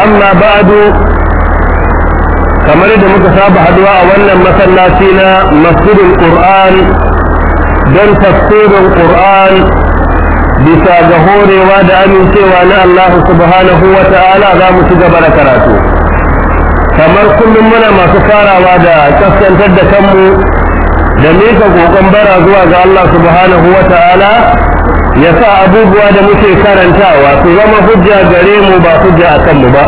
amma ba'du kamar da muka saba haduwa a wannan masallaci na masjidul qur'an don tafsirin qur'an bisa ga horewa da amincewa na Allah subhanahu wa ta'ala za mu ci gaba da karatu kamar kullum muna masu farawa da kaskantar da kanmu da nesa kokon bara zuwa ga Allah subhanahu wa ta'ala ya sa abubuwa da muke karantawa su zama hujja gare mu ba hujja a kanmu ba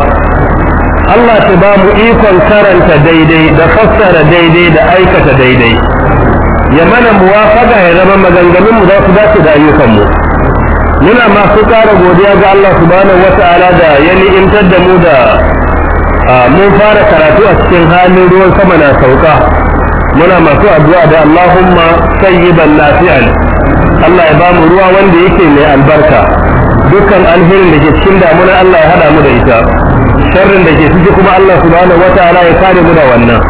Allah ta ba mu ikon karanta daidai da fassara daidai da aikata daidai ya mana muwafaka ya zama maganganun mu za su dace da ayyukan mu muna masu ƙara godiya ga Allah subhanahu wata'ala da ya ni'imtar da mu da mun fara karatu a cikin halin ruwan sama na sauka muna masu addu'a da Allahumma sayyiban nafi'an Allah ya bamu ruwa wanda yake mai albarka dukkan alherin da ke cikin damuna Allah ya hada mu da ita sharrin da ke ciki kuma Allah subhanahu wataala ya kare mu da wannan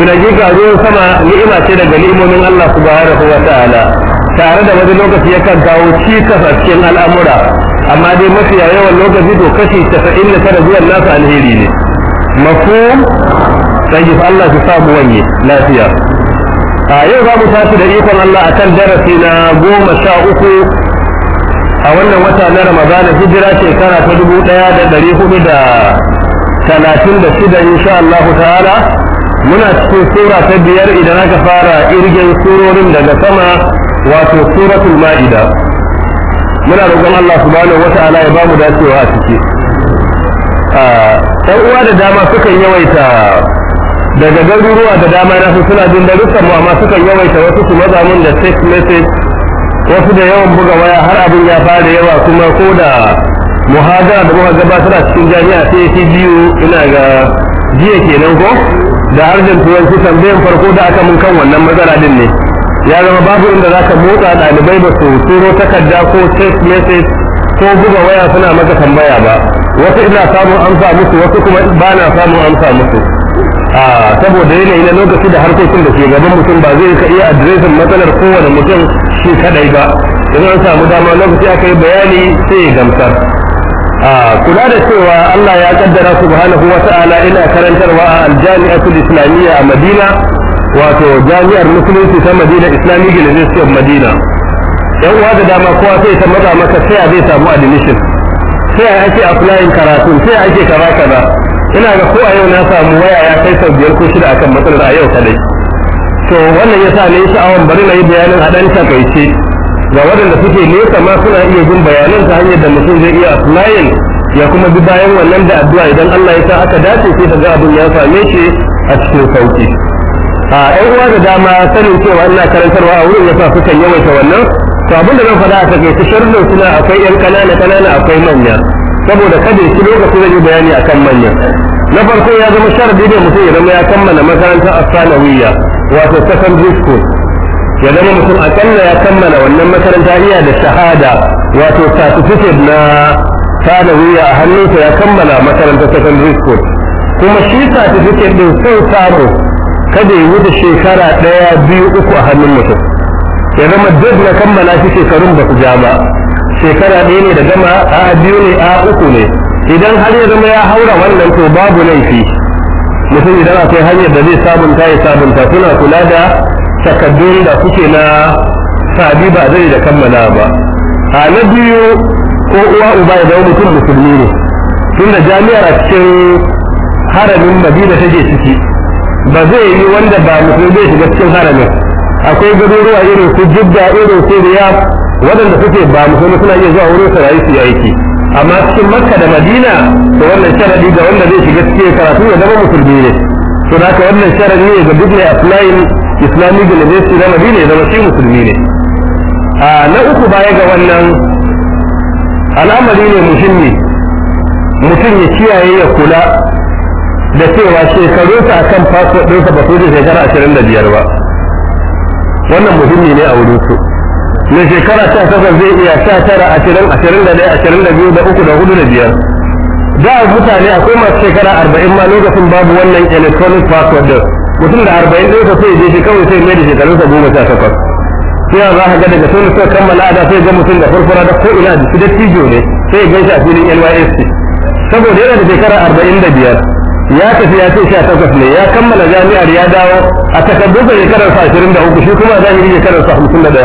mun ga ruwan sama ni'ima ce daga ni'imomin Allah subhanahu wataala tare da wani lokaci yakan kawo cikas a cikin al'amura amma dai mafiya yawan lokaci to kashi 99 zuwan nasu alheri ne mafhum sai Allah ya samu wani lafiya a yau za mu tashi da ikon Allah akan darasi na goma sha uku a wannan wata na Ramadan hijira shekara ta dubu ɗaya da ɗari hudu da talatin da shida insha Allah ta'ala muna cikin sura ta biyar idan aka fara irgen surorin daga sama wato suratul ma'ida muna roƙon Allah subhanahu wata'ala ya bamu dacewa a ciki a uwa da dama sukan yawaita daga garuruwa da dama na suna jin darussan mu amma suka yawaita wasu su maza mun da text message wasu da yawan buga waya har abin ya fara yawa kuma ko da muhajara da muka gabatar a cikin jami'a sai shi biyu ina ga jiya kenan ko da harshen turanci tambayan farko da aka mun kan wannan matsala din ne ya zama babu inda za ka motsa ɗalibai ba su turo takarda ko text message ko buga waya suna maka tambaya ba wasu ina samun amsa musu wasu kuma ba na samun amsa musu saboda yanayi na lokaci da harkokin da ke gaban mutum ba zai ka iya adireshin matsalar kowane mutum shi kadai ba idan an samu dama lokaci aka yi bayani sai ya gamsar kula da cewa Allah ya kaddara subhanahu wa ta'ala ina karantarwa a aljami'atul islamiyya a Madina wato jami'ar musulunci ta Madina Islamic University of Madina yan uwa da dama kowa sai ta maza maka sai a zai samu admission sai ake applying karatun sai ake kaza kaza ina ga ko a yau na samu waya ya kai sau biyar ko shida akan matsalar a yau kadai to wannan ya sa ne sha'awar bari na yi bayanin a ɗan takaice ga waɗanda suke nesa ma suna iya jin bayanan ta hanyar da mutum zai iya applying ya kuma bi bayan wannan da addu'a idan Allah ya sa aka dace sai ka ga abin ya same shi a cikin sauki a ɗan uwa da dama sanin cewa ina karantarwa a wurin ya sa sukan yawaita wannan to abin da zan faɗa a takaice sharrin suna akwai 'yan ƙanana ƙanana akwai manya saboda kada shi lokaci zai yi bayani akan manya na farko ya zama sharadi da mutum ya zama ya kammala makarantar asanawiyya wato secondary school ya zama mutum akalla ya kammala wannan makaranta iya da shahada wato certificate na sanawiya a hannunsa ya kammala makarantar secondary school kuma shi certificate din sai samu kada ya wuce shekara ɗaya biyu uku a hannun mutum ya zama duk na kammala shi shekarun ba su ja ba shekara ɗaya ne da gama a biyu ne a uku ne idan har ya zama ya haura wannan to babu laifi mutum idan akwai hanyar da zai sabunta ya sabunta suna kula da takaddun da kuke na sabi ba zai da kammala ba a na biyu ko uwa uba ya zama mutum musulmi ne tunda jami'ar a cikin haramin madina take ciki ba zai yi wanda ba musulmi zai shiga cikin haramin akwai garuruwa irin su jidda irin su riyadh waɗanda suke ba musulmi suna iya zuwa wurin sarayi su yi aiki amma cikin makka da madina to wannan sharadi ga wanda zai shiga cikin karatu ya zama musulmi ne to da haka wannan sharadi ne ga duk mai applying islamic university na madina ya zama shi musulmi ne a na uku baya ga wannan al'amari ne muhimmi mutum ya kiyaye ya kula da cewa shekaru a kan fasfot ɗinsa ba su da shekara ashirin da biyar ba wannan muhimmi ne a wurin su من شكرا تأخذ الزئي أساترى أترن أترن لدي أترن لدي أترن لدي أكد أغد لدي جاء المتالي أقوم الشكرا أربعين ما نوغة في باب ونين إلكترونيك باكورد وتنين أربعين نوغة في جيشي كوي سي ميدي شكرا نوغة بو متاكور كيا راه قد قتل سو كم لا دا في جم سن دفر فرا دفر إلى سيد تيجوني في جيش أفيلي إل واي إس تي سبو ديرا ذكر أربعين دبيا يا كسياسي شا تكفني يا كم لا جامي أريادا أتكبر ذكر الفاسرين ده وكشوك ما جامي ذكر الصح مسلم ده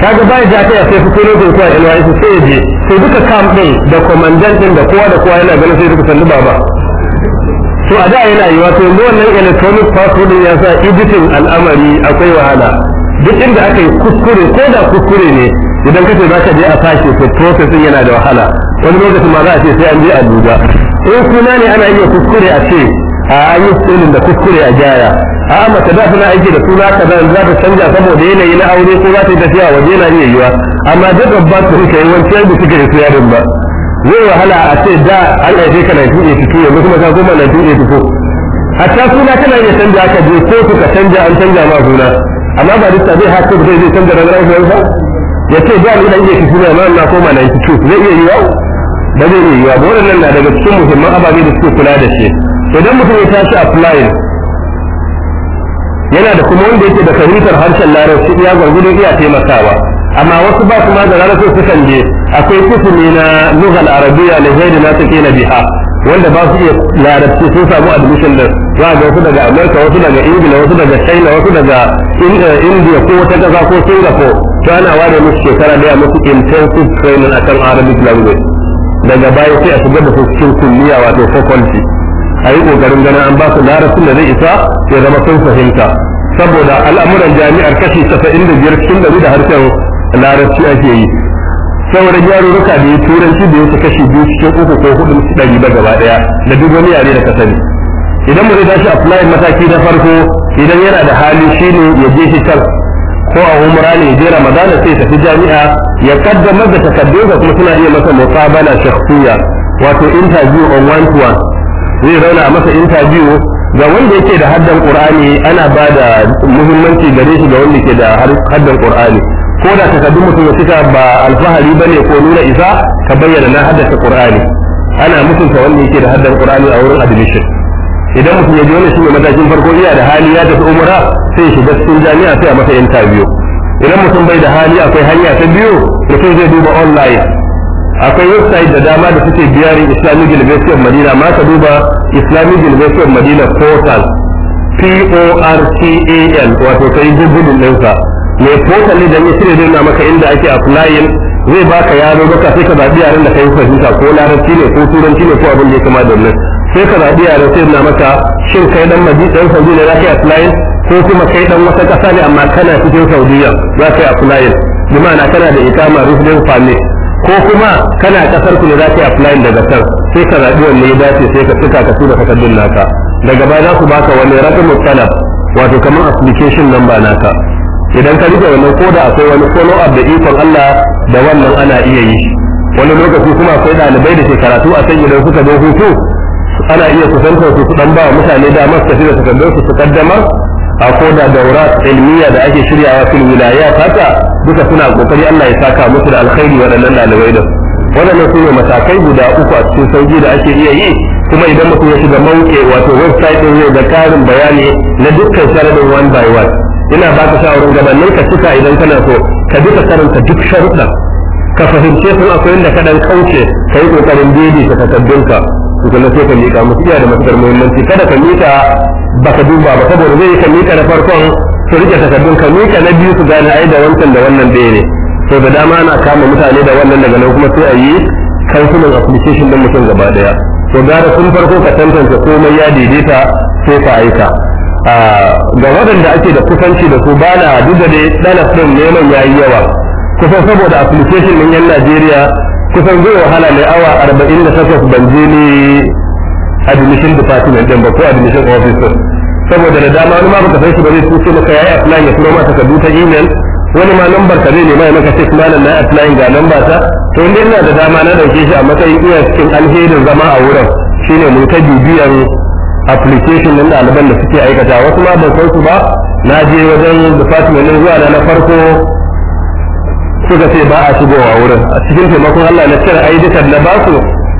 kaga ba ya ta sai fito ne ko kuwa ilwa su sai je sai duka kam din da komandan din da kowa da kowa yana ganin sai duka sallu baba to a da yana yi wato mu wannan electronic password ya sa editing al'amari akwai wahala duk inda aka yi kuskure ko da kuskure ne idan kace za ka je a sake to processing yana da wahala wani lokacin ma za a ce sai an je duba in suna ne ana iya kuskure a ce a yi da kuskure a jaya. a mace da suna aiki da suna kaza yanzu za ta canja saboda yanayi na aure ko za ta yi tafiya waje na iya yiwa amma duk babba su suka yi wancan da suka yi siya ba zai wahala a ce da an haife ka 1982 yanzu kuma ka goma 1984 ta suna kana iya canja aka je ko suka canja an canja ma suna amma ba duk zai haka zai zai canja ranar aiki ba ya ce da ni dan iya ki suna ma na koma 92 zai iya yiwa ba zai iya yiwa ba wannan na daga cikin muhimman ababe da suke kula da shi idan mutum ya tashi applying yana da kuma wanda yake da fahimtar harshen larabci ya gwargwado iya taimakawa amma wasu ba su ma da larabci su kan je akwai kusuri na lughal arabiya na zaidi na take na biha wanda ba su iya larabci sun samu admission din za ga wasu daga america wasu daga ingila wasu daga china wasu daga eh, india ko wata kasa ko singapore to ana ware musu shekara daya musu intensive training akan arabic language daga baya sai a shigar da su cikin kulliya wato faculty a yi ƙoƙarin ganin an ba su larabcin da zai isa ya zama sun fahimta saboda al'amuran jami'ar kashi casa'in da biyar cikin ɗari da harshen larabci ake yi sauran yarurruka da ya turanci da ya kashi biyu cikin uku ko hudu ɗari ba gaba ɗaya da duk wani yare da ka sani idan mu zai tashi apply mataki na farko idan yana da hali shine ya je shi can ko a umra ne je ramadana sai tafi jami'a ya kaddamar da takaddunsa kuma suna iya masa muqabala shakhsiya wato interview on one to one zai zauna a masa interview ga wanda yake da haddan qur'ani ana ba da muhimmanci gare shi ga wanda ke da haddan qur'ani ko da takardun mutum ya cika ba alfahari ba ne ko nuna isa ka bayyana na haddasa qur'ani ana mutunta wanda yake da haddan qur'ani a wurin admission idan mutum ya je wani shi matakin farko iya da hali ya tafi umura sai shiga cikin jami'a sai a masa interview idan mutum bai da hali akwai hanya ta biyu mutum zai duba online akwai website da dama da suke biyar Islamic University of Madina ma ka duba Islamic University of Madina portal P O R T A L wato kai Google ɗinsa ne portal ne da ya shirya nuna maka inda ake applying zai baka yaro baka sai ka zaɓi yaren da yi fahimta ko larabci ne ko turanci ne ko abin da ya kama da wannan sai ka zaɓi yaren sai na maka shin kai dan maji dan Saudi ne za ka yi applying ko kuma kai dan wata ƙasa ne amma kana cikin Saudiya za ka yi applying bi ma'ana kana da ita ma rufin permit ko kuma kana kasar ku ne za ka yi applying daga kan sai ka zaɓi wanne ya dace sai ka cika ka tura takardun naka daga baya za ku baka wani rakamu talab wato kamar application number naka idan ka rike wannan koda akwai wani follow up da ikon Allah da wannan ana iya yi wani lokaci kuma akwai ɗalibai da ke karatu a can idan suka zo hutu ana iya kusantar su dan ba mutane damar su tafi da takardun su su kaddamar a ko da daura ilmiya da ake shiryawa fil wilaya haka duka suna kokari Allah ya saka musu da alkhairi waɗannan ɗalibai da waɗannan su ne matakai guda uku a cikin sauki da ake iya yi kuma idan mutum ya shiga mauke wato website ɗin yau ga karin bayani na dukkan sharadin one by one ina ba ka shawarin gabanin ka cika idan kana so ka duka karanta duk sharuɗa ka fahimce sun akwai inda ka ɗan kauce ka yi ƙoƙarin daidaita takaddunka to sai ka miƙa musu iya da matukar muhimmanci kada ka miƙa baka duba ba saboda zai ka miƙa na farkon su rike takardun ka miƙa na biyu su gane ai da wancan da wannan ɗaya ne to da dama ana kama mutane da wannan daga nan kuma sai a yi kansunan application din mutum gaba daya to gara sun farko ka tantance komai ya daidaita sai ka aika ah, ga waɗanda ake da kusanci da su ba na duk da dai ɗalaf ɗin neman ya yi yawa kusan saboda application ɗin yan Najeriya kusan zai wahala ne awa arba'in da takwas ban je ne admission department ɗin ba ko admission officer saboda da dama wani ma baka san shi ba zai tuce maka yayi apply ya turo ma kadu ta email wani ma lambar ka zai nema ya maka check malam na apply ga number ta to inda ina da dama na dauke shi a matsayin iya cikin alherin zama a wurin shine mun ta bibiyar application ɗin ɗaliban da suke aikata wasu ma ban san su ba na je wajen department ɗin zuwa na farko suka ce ba a shigowa wurin a cikin taimakon Allah na cire aidikan na basu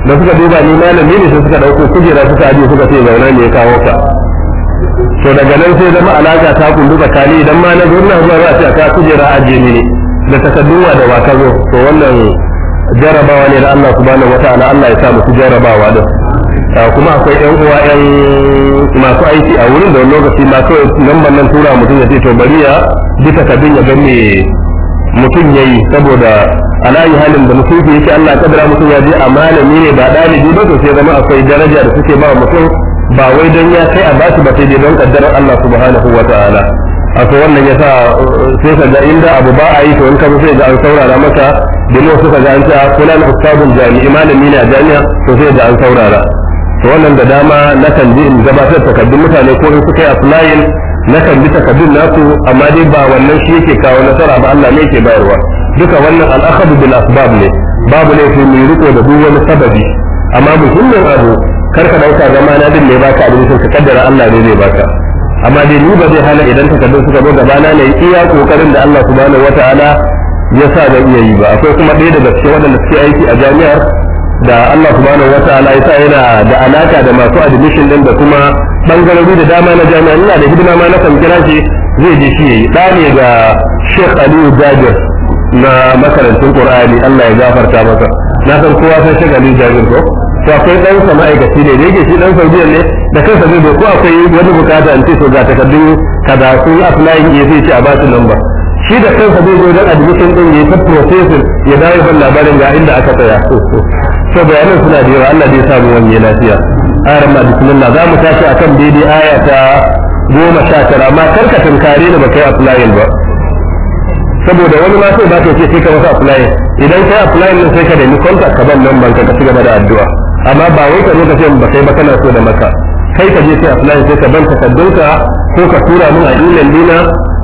da suka duba ni malami ne sai suka dauko kujera suka aje suka ce zauna ne ya kawo ka to daga nan sai zama alaka ta kundu tsakani idan ma na zo ina zuwa za a ce a kawo kujera aje ni ne da takadduwa da waka zo to wannan jarabawa ne da Allah subhanahu wataala Allah ya sa musu jarabawa da kuma akwai yan uwa yan masu aiki a wurin da wani lokaci masu ban nan tura mutum ya ce to bari ya bi takardun ya ga mutum ya yi saboda layi halin da mutum yake Allah kadara mutum ya je a malami ne ba dalibi ba to sai zama akwai daraja da suke ba mutum ba wai don ya kai a bashi ba sai dai don kaddarar Allah subhanahu wa ta'ala akwai wannan ya sa uh, sai ka ga inda abu ba a yi to in ka sai ga an saurara masa domin suka ga an ce kuna ah, na ustadun jami'i malami ne a jami'a to sai ga an saurara to wannan da dama na kan ji in gabatar takardun mutane ko in suka yi aflayin na kan bi takaddun naku amma dai ba wannan shi yake kawo nasara ba Allah ne yake bayarwa duka wannan al'akhadu bil asbab ne babu ne sai mu riko da duk wani sababi amma muhimmin abu kar ka dauka zama na din ne baka abin sai ka kaddara Allah ne zai baka amma dai ni ba zai hana idan takaddun suka zo gaba na ne iya kokarin da Allah subhanahu wataala ya sa da iya yi ba akwai kuma ɗaya daga cikin waɗanda suke aiki a jami'ar da Allah subhanahu wa ta'ala ya sa yana da alaka da masu admission din da kuma bangarori da dama na jami'an ina da hidima ma na kan kira shi zai je shi yayi da ne ga Sheikh Aliyu Jabir na makarantun Qur'ani Allah ya gafarta masa na san kowa sai Sheikh Aliyu Jabir ko to akwai dan sa ma'aikaci ne da yake shi dan Saudiya ne da kansa zai ko akwai wani bukata an ce so ga takardun kada su applying ya zai ci a basu number shi da kansa zai zo don admission din ya ta processing ya dawo ban labarin ga inda aka tsaya to bayanan suna da yawa Allah zai samu wani lafiya ayar ma bismillah za mu tashi akan daidai aya ta goma sha tara amma karka tunkare da baka yi applying ba saboda wani ma sai ba ta ce sai ka masa applying idan kai applying ne sai ka nemi contact ka ban nan banka ka ci gaba da addu'a amma ba wai ka zo ka ce ba kai ba kana so da maka kai ka je sai applying sai ka ban takaddunka ko ka tura min a email dina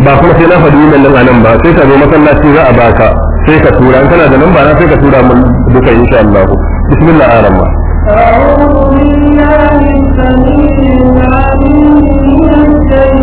ba kuma sai na faɗi email din a nan ba sai ka zo masallaci za a baka sai ka tura in kana da nan ba na sai ka tura mun duka insha Allah بسم الله الرحمن الرحيم أعوذ بالله السميع العليم من الشيطان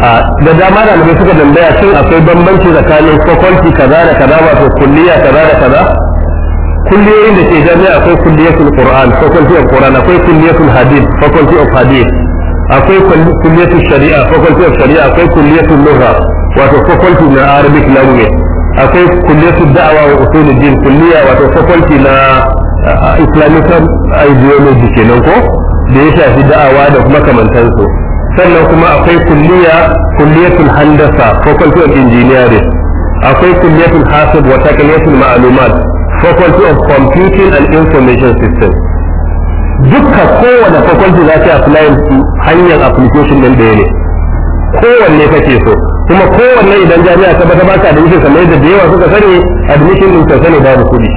da dama da mai suka tambaya shin akwai bambanci tsakanin faculty kaza da kaza wato kulliya kaza da kaza kulliyoyin da ke jami'a akwai kulliyatul qur'an faculty of qur'an akwai kulliyatul hadith faculty of hadith akwai kulliyatul shari'a faculty of shari'a akwai kulliyatul lugha wato faculty na arabic language akwai kulliyatul da'awa wa usuluddin kulliya wato faculty na islamic ideology kenan ko da ya shafi da'awa da kuma kamantansu sannan kuma akwai kulliya kulliyatul handasa faculty of engineering akwai kulliyatul hasab wa taqniyatul ma'lumat faculty of computing and information system dukka kowane faculty za ta su hanyar application din da ne kowanne kake so kuma kowanne idan jami'a ta bata baka da yake kamar yadda da yawa suka sani admission din ta sani babu kuɗi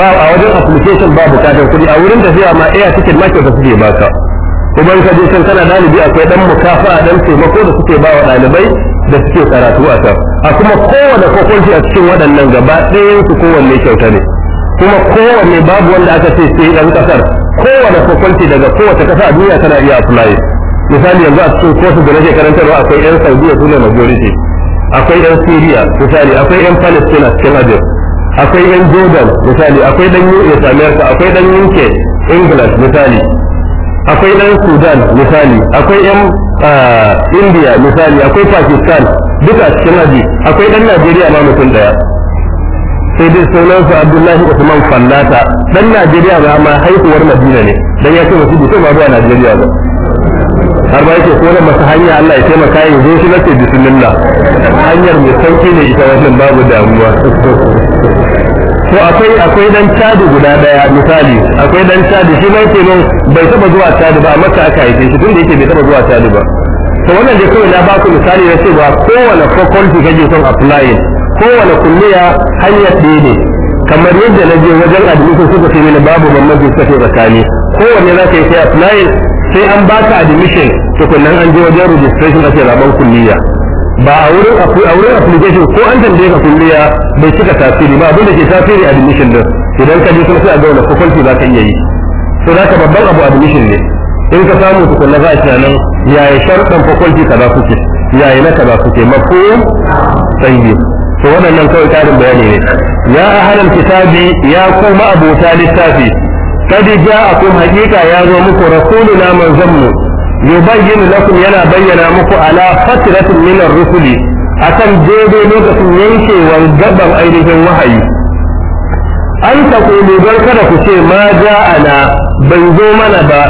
ba a wajen application ba bukatar kuɗi a wurin tafiya ma iya ticket ma kyauta suke baka kuma ka je can kana dalibi akwai dan mukafa dan taimako da suke ba wa dalibai da suke karatu a can a kuma kowane kokonci a cikin waɗannan gaba ɗayan su kowanne kyauta ne kuma kowanne babu wanda aka ce sai dan kasar kowane kokonci daga kowace kasa a duniya tana iya apply misali yanzu a cikin kotu da nake karantarwa akwai yan saudiya su ne majority akwai yan syria misali akwai yan palestina cikin ajin akwai yan jordan misali akwai dan us america akwai dan uk england misali akwai ɗan sudan misali akwai yan ah, india misali akwai pakistan duka cikin haji akwai ɗan najeriya ma mutum ɗaya sai dai sunansa abdullahi usman fallata ɗan najeriya ba ma haihuwar madina ne dan ya ce wasu bi ba zuwa najeriya ba har ba yake kone masa hanya Allah ya taimaka ya zo shi nake bismillah hanyar mai sauki ne ita wannan babu damuwa to akwai akwai dan caji guda daya misali akwai dan cadi shi mai kenan bai taba zuwa cadi ba amma aka haife shi tunda yake bai taba zuwa cadi ba to wannan dai kawai na ba ku misali na cewa kowane faculty kake son apply kowane kulliya hanyar ɗaya ne kamar yadda na je wajen admission suka ce mini babu bambanci suka ce tsakani kowanne za ka yi sai apply sai an baka admission to tukunnan an je wajen registration ake zaben kulliya ba a wurin application ko an tambaye ka kulliya bai cika tasiri ba abin da ke tasiri admission din idan ka je kuma sai a ga wani faculty za ka iya yi so za ka babban abu admission ne in ka samu tukunna za a nan yaya sharuɗan faculty kaza suke yaya na kaza suke mafhum tayyib to waɗannan kawai tarin bayani ne ya ahlal kitabi ya kuma abota littafi kadi ja'akum haqiqa ya zo muku rasuluna manzon mu yubayyin lakum yana bayyana muku ala fatratin min ar-rusuli akan daidai lokacin yankewar gaban ainihin wahayi an taqulu don kada ku ce ma ja'ana bai zo mana ba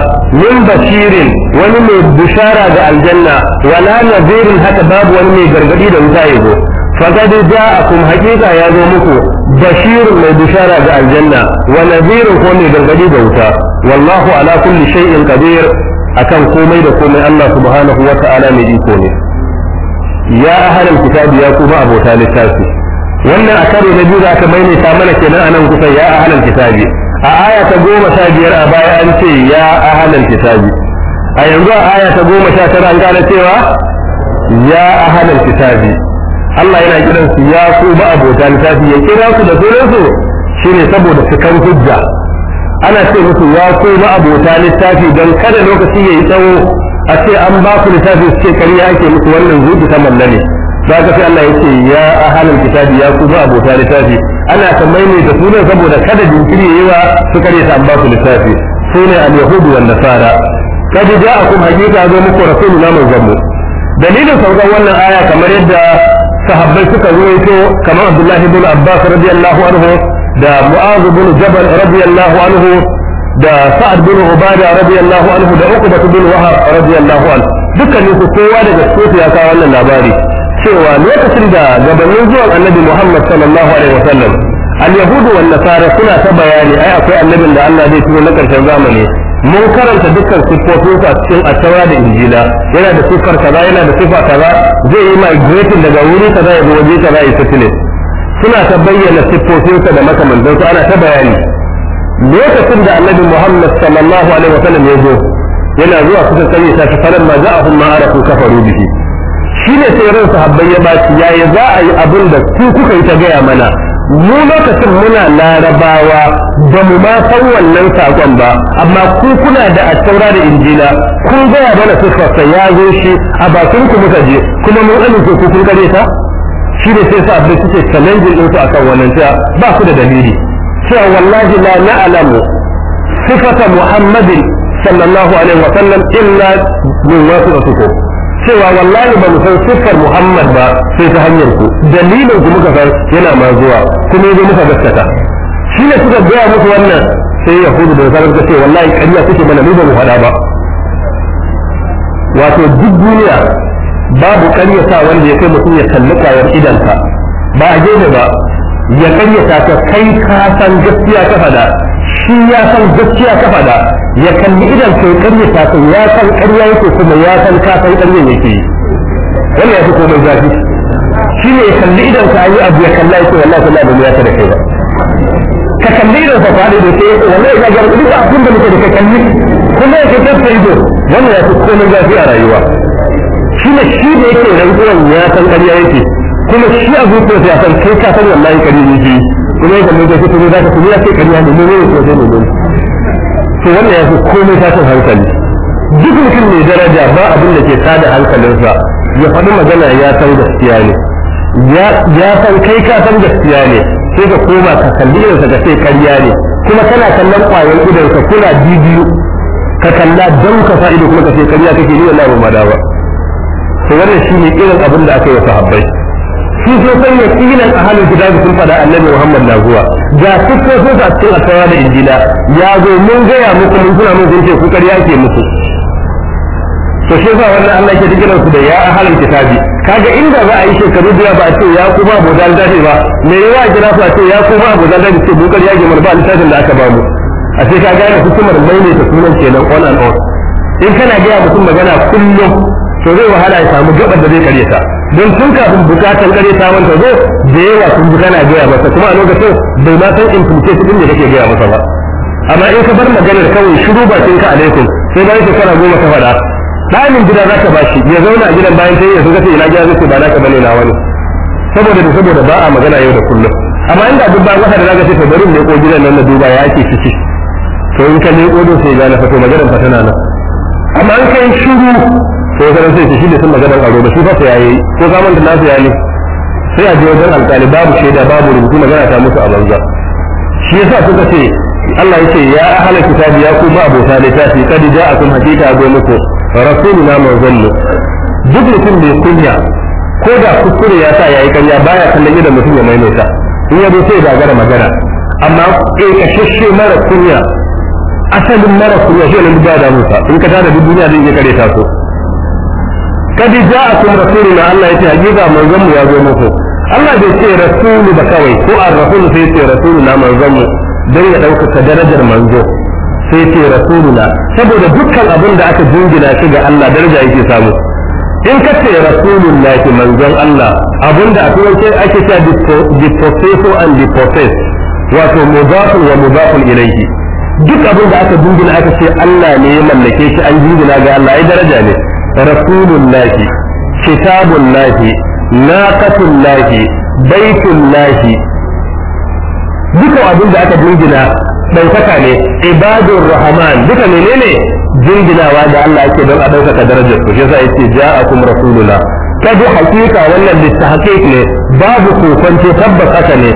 min bashirin wani mai bishara ga aljanna wala nadirin haka babu wani mai gargadi da wuta ya zo faqad ja'akum haqiqa ya zo muku bashirin mai bishara ga aljanna wa nadirin ko mai gargadi da wuta wallahu ala kulli shay'in qadir akan komai da komai Allah subhanahu wa ta'ala mai iko ne ya ahalin kitabi ya kuma abota littafi wannan a karo na biyu da ne ta mana kenan anan kusa ya ahalin kitabi a aya ta goma sha biyar a baya an ce ya ahalin kitabi a yanzu a aya ta goma sha tara an gane cewa ya ahalin kitabi Allah yana kiransu ya ku ba abota littafi ya kira su da sunansu shine saboda su kan hujja ana ce musu ya ko ma abota littafi don kada lokaci ya yi tsawo a ce an ba ku littafi su ce karya ake musu wannan zubi ta malla ne ba ka sai Allah ya ce ya ahalin kitabi ya ku ma abota littafi ana ta da sunan saboda kada jinkiri ya yi wa su karya ta an ba ku littafi su ne al-yahudu wa nasara kad ja'akum hakika zo muku rasuluna manzon dalilin saukan wannan aya kamar yadda sahabbai suka ruwaito kamar Abdullahi ibn Abbas radiyallahu anhu da mu'azu bin jabal radiyallahu anhu da sa'ad bin ubada radiyallahu anhu da uqba bin wahab radiyallahu anhu dukkanin su kowa daga cikin ya kawo wannan labari cewa lokacin da gabanin zuwan annabi Muhammad sallallahu alaihi wasallam al-yahudu wan nasara suna ta bayani ai akwai annabin da Allah zai turo na karshen zamani mun karanta dukkan siffofin sa cikin attaura da injila yana da siffar kaza yana da sifa kaza zai yi migrating daga wuri kaza ya zo waje kaza ya fitile suna ta bayyana siffofinsa da makamantansu ana ta bayani lokacin da annabi muhammad sallallahu alaihi wasallam ya zo yana zuwa suka kare ta shi faran ma za'a kuma arafu kafaru bihi shi ne sai ran sahabbai ya baci yaya za a yi abin da su kuka yi ta gaya mana mu lokacin muna larabawa ba mu ma san wannan sakon ba amma ku kuna da a saura da injila kun gaya mana siffarsa ya zo shi a bakin ku muka je kuma mun amince ku kun kare ta shi ne sai sa abin suke challenging ɗinsu a kan wannan cewa ba su da dalili cewa wallahi la na'lamu sifata muhammadin sallallahu alaihi wa sallam illa min wasu asuko cewa wallahi ba mu san siffar muhammad ba sai ta hanyar ku dalilin ku muka san yana ma zuwa kuma yanzu muka gaskata shi ne suka gaya musu wannan sai ya yahudu da zarar ce wallahi ƙarya kuke mana mu ba mu faɗa ba wato duk duniya babu karyata wanda ya kai mutum ya kalli kwayar idanka ba a gefe ba ya karyata ka kai ka san gaskiya ka fada shi ya san gaskiya ka fada ya kalli idan ka ya karyata ka ya san karya yake kuma ya san ka san karya yake wannan ya fi komai zafi shi ne ya kalli idan ka yi abu ya kalla yake wallahi Allah bai ya da kai ba ka kalli idan ka fadi da ke wallahi ga garbi duk abin da muke da ka kalli kuma ya ke tsaye wannan ya fi komai zafi a rayuwa shi ne shi da yake rantsuwan ya san ƙarya yake kuma shi a zuciyarsa ya san kai ka san wallahi ƙarya yake kuma ya kalle shi kuma zaka kuma ya ce ƙarya ne ne ne ne ne to wannan ya fi komai tashin hankali duk mutum mai daraja ba abin da ke tada hankalinsa ya faɗi magana ya san gaskiya ne ya san kai ka san gaskiya ne sai ka koma ka kalli irinsa ka ce ƙarya ne kuma kana kallon ƙwayar idonsa kuna bibiyu ka kalla don ka fa'ido kuma ka ce ƙarya kake ni wallahi ba ma ba. to wannan shine irin abin da aka yi wa sahabbai shi so sai ya kilan ahalin kitabi sun fada annabi Muhammad na zuwa ga so ta cikin asawa da injila ya zo mun gaya muku mun kula mun ce ku kariya ke muku to shi yasa wannan Allah ke dikiran su da ya ahalin kitabi kaga inda za a yi shekaru biya ba a ce ya kuma abu da dare ba me yawa kira su a ce ya kuma abu da dare ce bukar ya gemar ba littafin da aka bamu a ce ka gane ne ta sunan kenan on and on in kana gaya mutum magana kullum to zai wahala ya samu gabar da zai kare ta don tun kafin bukatar kare ta wanta zo da yawa sun ji kana gaya masa kuma a lokacin bai ma san implication su da kake gaya masa ba amma in ka bar maganar kawai shiru bakin ka alaikum sai bayan shekara goma ka faɗa ɗanin gida za ka ba shi ya zauna a gidan bayan sai ya zuga sai ina gida zai ce ba naka bane na wani saboda da saboda ba a magana yau da kullum amma inda duk ba wata da ka ce ka bari ne ko gidan nan na duba ya ke ciki to in ka leƙo don sai gane na to maganar fa tana nan amma in kai shiru Sai garin sai shi da sun maganar aro ba shi ba ta yayi ko zaman da nasu yayi sai a je wajen alƙali babu shaida babu rubutu magana ta musu a banza shi yasa suka ce Allah yake ya ahala kitabi ya ku ba abota fi kadi ja'akum hakika a ko rasulu na manzanni duk mutum mai kunya ko da kuskure ya sa yayi kanya baya kallon yadda mutum ya maimaita in ya zo sai gagara magana amma ƙeƙashashe mara kunya asalin mara kunya shi ne da musa in ka tada duk duniya zai iya kare ta so kadi rasulu na Allah yace hakika manzon mu ya zo muku Allah bai ce rasulu ba kawai ko a rasulu sai ce na manzon mu dan ya dauka darajar manzo sai ce na saboda dukkan abin da aka jingina shi ga Allah daraja yake samu in ka ce rasulullahi manzon Allah abinda a turanci ake cewa the possessor and the possessed wato mudafun wa mudafun ilayhi duk abin aka jingina aka ce Allah ne ya mallake shi an jingina ga Allah ai daraja ne rasulullahi kitabullahi naqatullahi baitullahi duka abin da aka jingina ɗaukaka ne ibadun rahman duka menene jinginawa da Allah ake don a ɗaukaka darajar su shi a kuma ja'akum rasuluna kadu hakika wannan listahqiq ne babu kokonce tabbas haka ne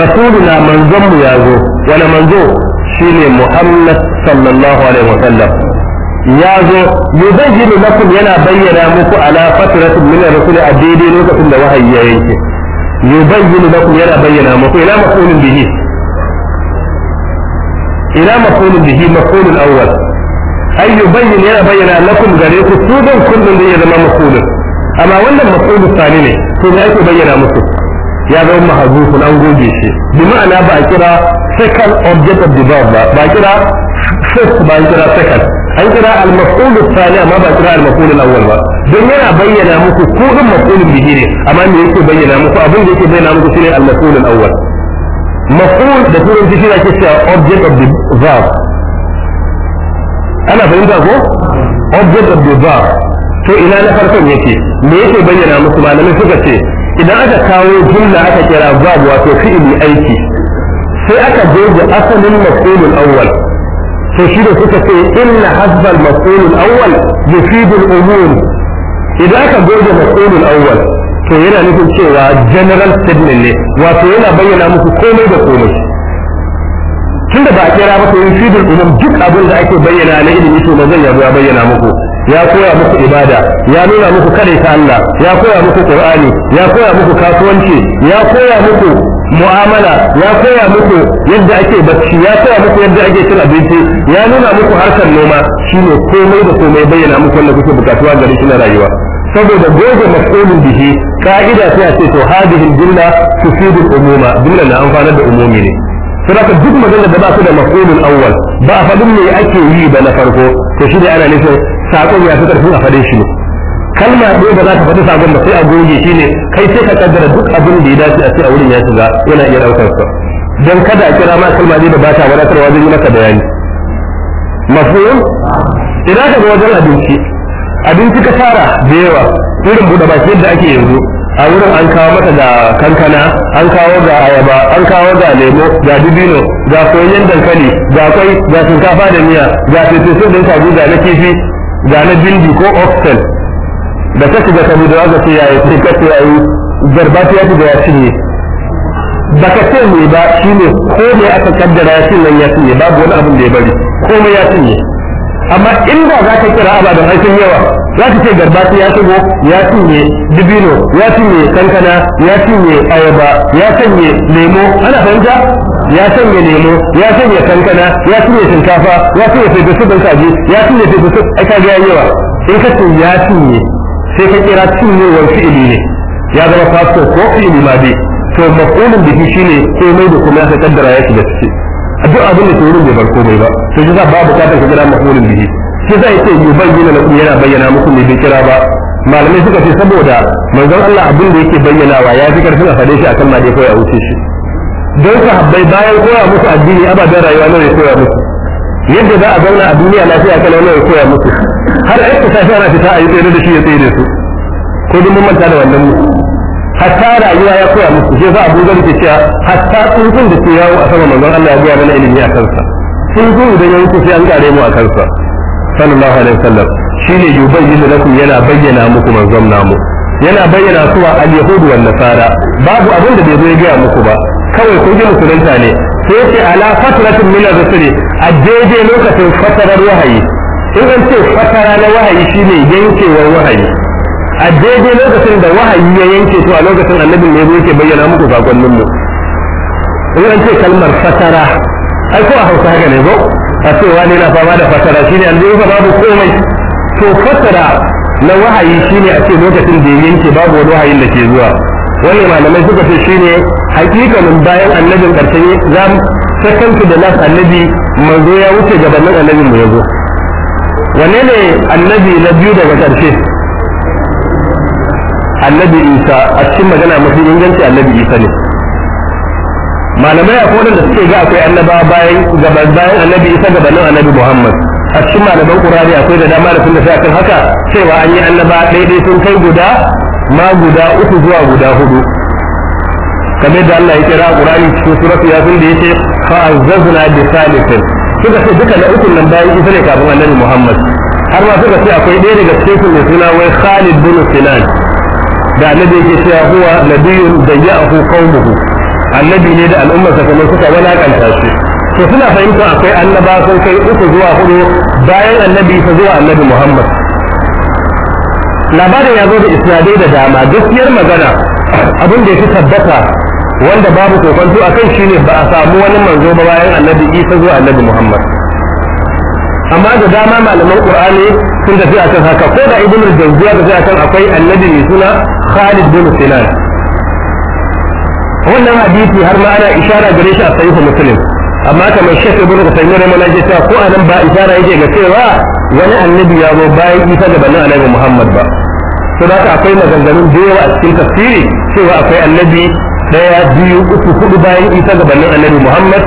rasuluna manzon mu yazo wani manzo shine muhammad sallallahu alaihi wasallam ya zo yubayyinu lakum yana bayyana muku ala fatratin min ar-rusul a daidai lokacin da wahayi ya yanke yubayyinu lakum yana bayyana muku ila maqulun bihi ila maqulun bihi maqulun awwal ay yubayyin yana bayyana lakum gare ku su dan kullun da ya zama maqulun amma wannan maqulun tsani ne to me ake bayyana muku ya zama mahazufun an goge shi bi ma'ana ba a kira second object of the verb ba ba a kira first ba a kira second an kira al-maf'ul ath-thani amma ba kira al-maf'ul al-awwal ba don yana bayyana muku ko din maf'ulun bihi ne amma me yake bayyana muku abin da yake bayyana muku shine al-maf'ul al-awwal maf'ul da turanci shi ake cewa object of the verb ana fahimta ko object of the verb to ina na farkon yake me yake bayyana muku malamin suka ce idan aka kawo jumla aka kira verb wato fi'ili aiki sai aka goge asalin al awwal to shi da suka ce inna hasbal mas'ulul awwal yufidul umur idan aka goge mas'ulul awwal to yana nufin cewa general statement ne wato yana bayyana musu komai da komai tunda ba a kira ba to yufidul umur duk abin da ake bayyana na ilimi to zan yabo ya bayyana muku ya koya muku ibada ya nuna muku kare ta Allah ya koya muku Qur'ani ya koya muku kasuwanci ya koya muku mu'amala ya koya muku yadda ake bacci ya koya muku yadda ake cin abinci ya nuna muku harkar noma shine komai da komai bayyana muku wanda kuke bukatuwa gare shi na rayuwa saboda goge mafulin bihi ka'ida sai a ce to hadihin jumla tufidu umuma jumla na amfanar da umumi ne saboda duk maganar da ba su da mafulin awwal ba a faɗin me ake yi ba na farko to shi da ana nufin sakon ya fi karfin a faɗe shi ne kalma ɗaya da za ka faɗi sabon ba sai a goge shi ne kai sai ka kaddara duk abin da ya dace a ce a wurin ya shiga yana iya ɗaukar sa don kada a kira ma kalma ɗaya da ba ta wadatarwa wajen yi maka bayani mafhum idan ka ga wajen abinci abinci ka tara da yawa irin buɗe baki yadda ake yanzu a wurin an kawo mata da kankana an kawo ga ayaba an kawo ga lemo ga dibino ga soyayyen dankali ga kwai ga shinkafa da miya ga fefe da kaji ga na kifi ga na bindi ko oxtel da ka shiga kanu da aka ce ya yi sai ka ya yi garba ta yafi da ya cinye ba ka ce mai ba shi ne komai aka kaddara ya cinye ya cinye babu wani abin da ya bari ko komai ya cinye amma inda za ka kira abadan aikin yawa za ka ce garba ta ya shigo ya cinye dibino ya cinye kankana ya cinye ayaba ya cinye lemo ana fahimta ya sanya lemo ya sanya kankana ya cinye shinkafa ya cinye fefe su kaji ya cinye fefe su aka ga yawa in ka ce ya cinye sai ka kira cinyewar fi'ili ne ya zama fasko ko fi'ili ma dai to maf'ulun bihi shine komai da kuma ya kaddara ya shiga a duk abin da ke wurin bai bar komai ba to shi ba bukatar ka kira maf'ulun bihi shi zai ce na kuma yana bayyana muku ne bai kira ba malamai suka ce saboda manzon Allah abin da yake bayyanawa ya fi karfin a fade shi akan ma dai kawai a wuce shi don ka sahabbai bayan koya musu addini ababen rayuwa ne koya musu yadda za a zauna a duniya lafiya kalau ne ya koya musu har aiki sashi ana fita a yi tsere da shi ya tsere su ko dun manta da wannan musu hatta rayuwa ya koya musu sai za a buga ke cewa hatta tsuntsun da ke yawo a sama manzon Allah ya gaya mana ilimi a kansa tsuntsun idan ya wuce sai an kare mu a kansa sallallahu alaihi wasallam shine yubayyinu lakum yana bayyana muku manzon namu yana bayyana suwa al-yahud wal nasara babu abin da bai zo ya gaya muku ba kawai ko jin musulunta ne sai ce ala fatratin min ar-rusuli a daidai lokacin fatarar wahayi in an ce fatara na wahayi shine yankewar wahayi a daidai lokacin da wahayi ya yanke to a lokacin annabin ne yake bayyana muku sakonnin mu in an ce kalmar fatara ai ko a Hausa haka ne ko a ce wani na fama da fatara shine an zai babu komai to fatara na wahayi shine a ce lokacin da ya yanke babu wani wahayin da ke zuwa wani malamai suka ce ne hakikanin bayan annabin karshe za mu sakantu da nas annabi manzo ya wuce gabanin annabin mu yazo wane ne annabi na biyu daga karshe annabi isa a cikin magana mafi inganci annabi isa ne malamai akwai wadanda suke ga akwai annabawa bayan gaban bayan annabi isa gabanin annabi muhammad a cikin malaman qur'ani akwai da dama da sun da akan haka cewa an yi annaba daidai sun kai guda ma guda uku zuwa guda hudu kamar da Allah ya kira a Qur'ani cikin suratu Yasin da yace fa azzazna bi suka ce duka na ukun nan bayan isa ne kafin Annabi Muhammad har ma suka ce akwai ɗaya daga cikin su mai suna wai Khalid bin Sinan da annabi yake cewa huwa nabiyyun da ya'hu qaumuhu annabi ne da al'ummarsa kuma suka walakanta shi to suna fahimta akwai annaba sun kai uku zuwa hudu bayan annabi isa zuwa annabi Muhammad labarin ya zo da isnadai da dama gaskiyar magana abin da ya fi tabbata wanda babu kokonto a kan shine ba a samu wani manzo ba bayan annabi isa zuwa annabi muhammad amma da dama malaman qur'ani sun tafi akan haka ko da ibnu jawziya da akan akwai annabi mai suna khalid bin sinan wannan hadisi har ma ana ishara gare shi a sahihu muslim amma kamar shekh ibnu taymiyyah ne mana yake cewa ko ba ishara yake ga cewa wani annabi ya zo bayan isa da banin annabi muhammad ba su da akwai maganganun da yawa a cikin tafsiri cewa akwai annabi daya biyu uku hudu bayan isa da banin annabi muhammad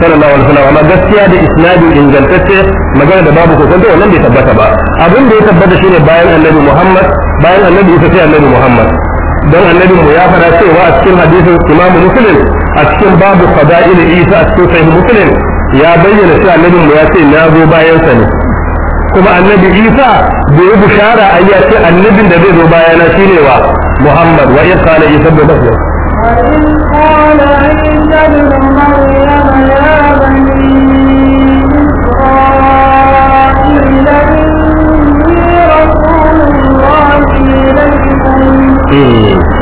sallallahu alaihi wasallam amma gaskiya da isnadi ingantacce magana da babu kokon ba wannan bai tabbata ba abin da ya tabbata shine bayan annabi muhammad bayan annabi isa sai annabi muhammad don annabi mu ya fara cewa a cikin hadisin imam muslim a cikin babu fada'il isa a cikin sahih muslim ya bayyana cewa annabi mu ya ce na zo bayan sa ne kuma annabi isa da ya bishara a yi ce annabin da zai zo na shine wa muhammad wa in qala isa ibn maryam إليكم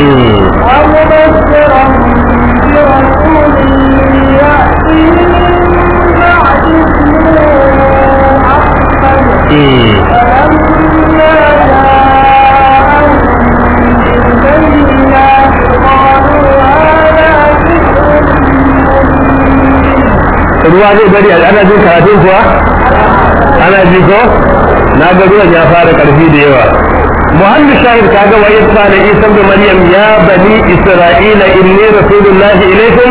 ومبشرا برسول ruwa zai bari ana jin karatun kuwa ana ji ko na ga ruwan ya fara karfi da yawa muhallu shahid kaga wa iz qala isa da maryam ya bani isra'ila inni rasulullahi ilaykum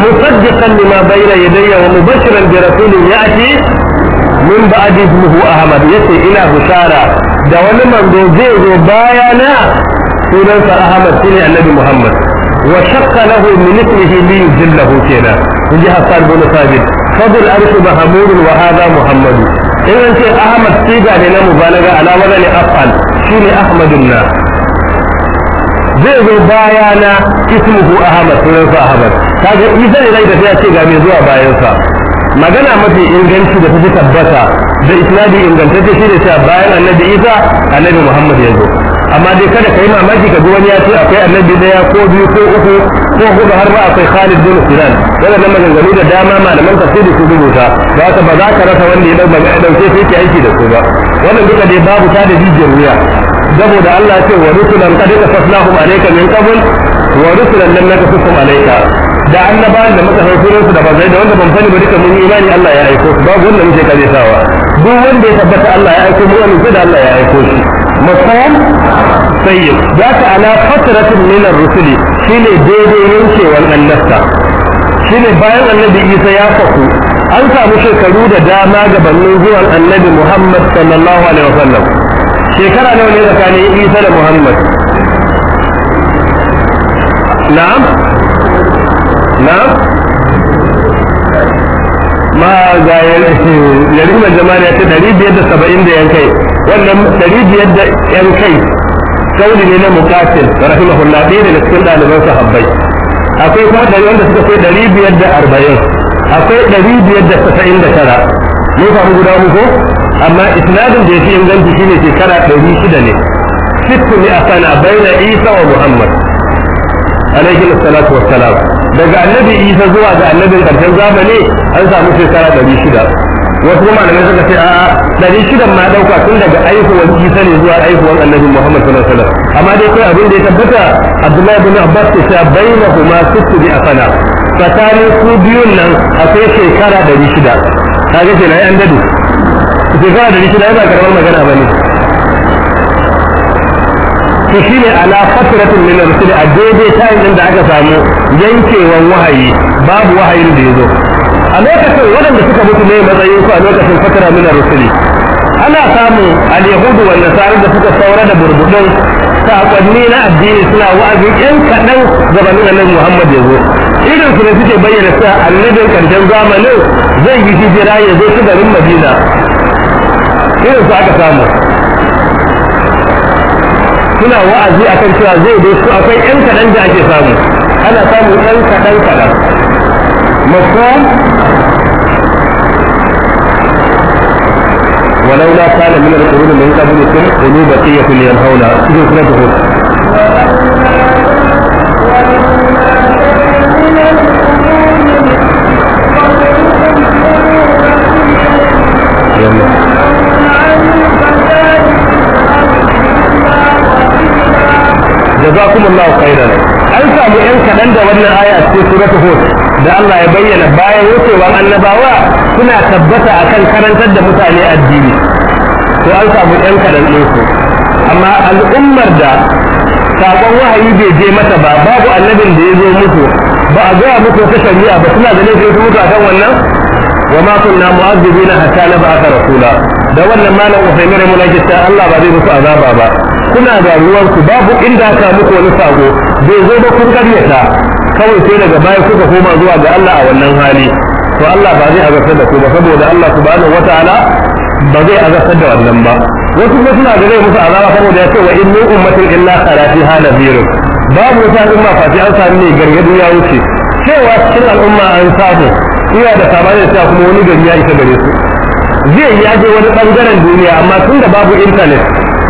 musaddiqan lima ya yadayya wa mubashiran bi rasulin ya'ti min ba'di ismihi ahmad yace ina bushara da wani manzo zai zo bayana sunansa ahmad shine annabi muhammad وشق له من اسمه ليذله كنا يجي حسان بن ثابت فضل الأرش محمود وهذا محمد إذا أنت أحمد سيجا لنا مبالغة على وزن أفعل shine ahmadun na zai zo baya na ismuhu ahmad sa ahmad kaga isa ne zai tafiya ce ga mai zuwa bayansa magana mafi inganci da tafi tabbata da isnadi ingantacce shi ne cewa bayan annabi isa annabi muhammad ya zo amma dai kada ka yi mamaki ka wani ya ce akwai annabi daya ko biyu ko uku ko hudu har ba akwai Khalid bin Sinan nan maganganu da dama malaman tafsiri su rubuta ba ka ba za ka rasa wanda ya dauke sai ke aiki da su ba wannan duka dai babu ta da jijiyar wuya saboda Allah ce wa rusulan qad tafasnahum alayka min qabl wa rusulan lam nakfusum alayka da annabawan da muka haifuro su da bazai da wanda ban sani ba duka mun yi imani Allah ya aiko su babu wanda muke karyatawa duk wanda ya tabbata Allah ya aiko mu amince da Allah ya aiko shi mafhum sayyid zaka ala fatratin min ar-rusuli shine daidai yankewar annabta shine bayan annabi Isa ya faku an samu shekaru da dama gabanin zuwan annabi muhammad sallallahu alaihi wasallam shekara nawa ne tsakanin isa da muhammad na'am na'am ma ga yarimar jama'a ya ce 570 da kai wannan 500 da yankai kauli ne na mukatil rahimahullah ɗaya daga cikin ɗaliban sahabbai akwai kuma ɗari wanda suka kai ɗari biyar da arba'in akwai ɗari biyar da tasa'in da tara mun samu guda uku amma isnadin da ya fi inganci ne shekara ɗari shida ne sittu ne a sana na isa wa muhammad alaihi salatu salam daga annabi isa zuwa ga annabin karshen zamani an samu shekara ɗari shida wasu malamai suka ce a ɗari shidan ma ɗauka tun daga aihuwar isa ne zuwa aihuwar annabi muhammad sallallahu alaihi wasallam amma dai kai abin da ya tabbata abdullahi bin abbas ke cewa bainahuma sittu a sana. tsakanin su biyun nan akwai shekara bi shida kaga ce na yan dadu shekara bi shida yana karamar magana ba ne to shi ne ala fatratin min rusul a daidai tayin din da aka samu yankewan wahayi babu wahayin da ya zo a lokacin waɗanda suka mutu ne matsayin su a lokacin fatara min ne. ana samun alyahudu wa nasarar da suka saura da burbudin sakonni na addini suna wa'azi yan kaɗan gabanin annabi Muhammad ya zo irin su ne suke bayyana sa annabin karshen zamanin zai yi hijira ya zo su garin Madina irin su aka samu suna wa'azi akan cewa zai zo su akwai yan kaɗan da ake samu ana samun ɗan kaɗan kaɗan mafhum ولولا كان من القرون من قبلكم أولو بقية ينهون في سورة هود جزاكم الله خيرا an samu yan kaɗan da wannan aya cikin suratul hud da Allah ya bayyana bayan wucewa annabawa suna tabbata akan karantar da mutane addini to an samu yan kaɗan su amma al'ummar da sakon wahayi bai je mata ba babu annabin da ya zo musu ba a zuwa musu ta shari'a ba suna ganin sai su mutu akan wannan wa ma kunna mu'azzibina hatta nab'atha rasula da wannan malam Usaimin Rahimullah ta Allah ba zai musu azaba ba kuna ga ruwan ku babu inda ka muku wani sako bai zo ba kun karyata kawai sai daga baya kuka koma zuwa ga Allah a wannan hali to Allah ba zai azabtar da ku ba saboda Allah subhanahu wataala ba zai azabtar da wannan ba wasu ne suna da zai musu azaba saboda ya ce wa inni ummatin illa kharati halabiru babu wata al'umma fati an sami ne gargadi ya wuce cewa cikin al'umma an samu iya da sabani da kuma wani gari ya isa gare su zai ya je wani bangaren duniya amma tun da babu intanet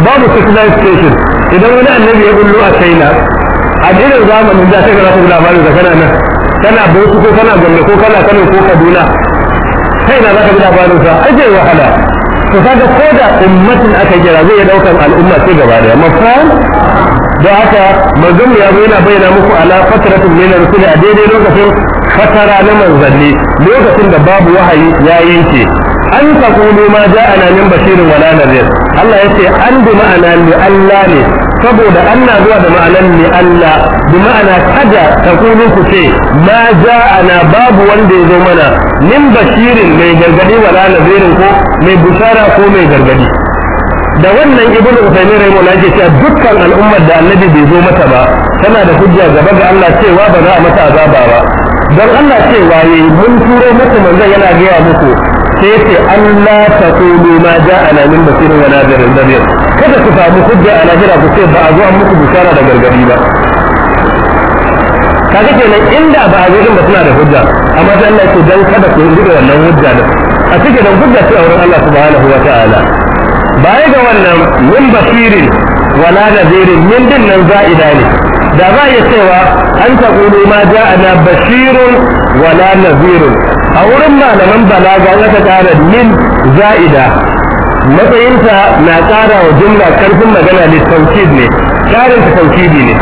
babu signal station idan wani annabi ya bullo a china a jirin zamanin da sai ka zaku labarin da kana nan kana bauchi ko kana gombe ko kana kano ko kaduna kai na zaka labarin sa ai wahala to kaga ko da ummatin aka jira zai ya daukan al'umma sai gaba daya mafan da haka manzon ya zo yana bayyana muku ala fatratin min rasul a daidai lokacin fatara na manzanni lokacin da babu wahayi ya yanke an kuma ma ja'ana min bashirin wala nadhir Allah yace an bi ma'ana li Allah ne saboda anna zuwa da ma'anan ne Allah bi ma'ana kada ta kunu ku ce ma ana babu wanda ya zo mana min bashirin mai gargadi wala nazirin ko mai busara ko mai gargadi da wannan ibnu usaimin rahimu Allah yake cewa dukkan al'ummar da annabi bai zo mata ba tana da hujja gaba ga Allah cewa ba za a mata azaba ba don Allah cewa yayi mun turo muku manzon yana gaya muku sai ce Allah ta kulu ma ja'ana min basirin wa nadirin dalil kada ku samu hujja a lahira ku ce ba a zo an muku bishara da gargadi ba kaga kenan inda ba a zo din ba suna da hujja amma sai Allah ce dan kada ku rike wannan hujja da a cikin nan hujja ce a wurin Allah subhanahu wa ta'ala baya ga wannan min basirin wa nadirin min din nan za'ida ne da za ya iya cewa an ta kulu ma ja'ana basirun wala nazirun a wurin malaman balaga ya ta ƙara min za'ida matsayinta na ƙara wa jumla karfin magana ne taukid ne ƙarin ta taukidi ne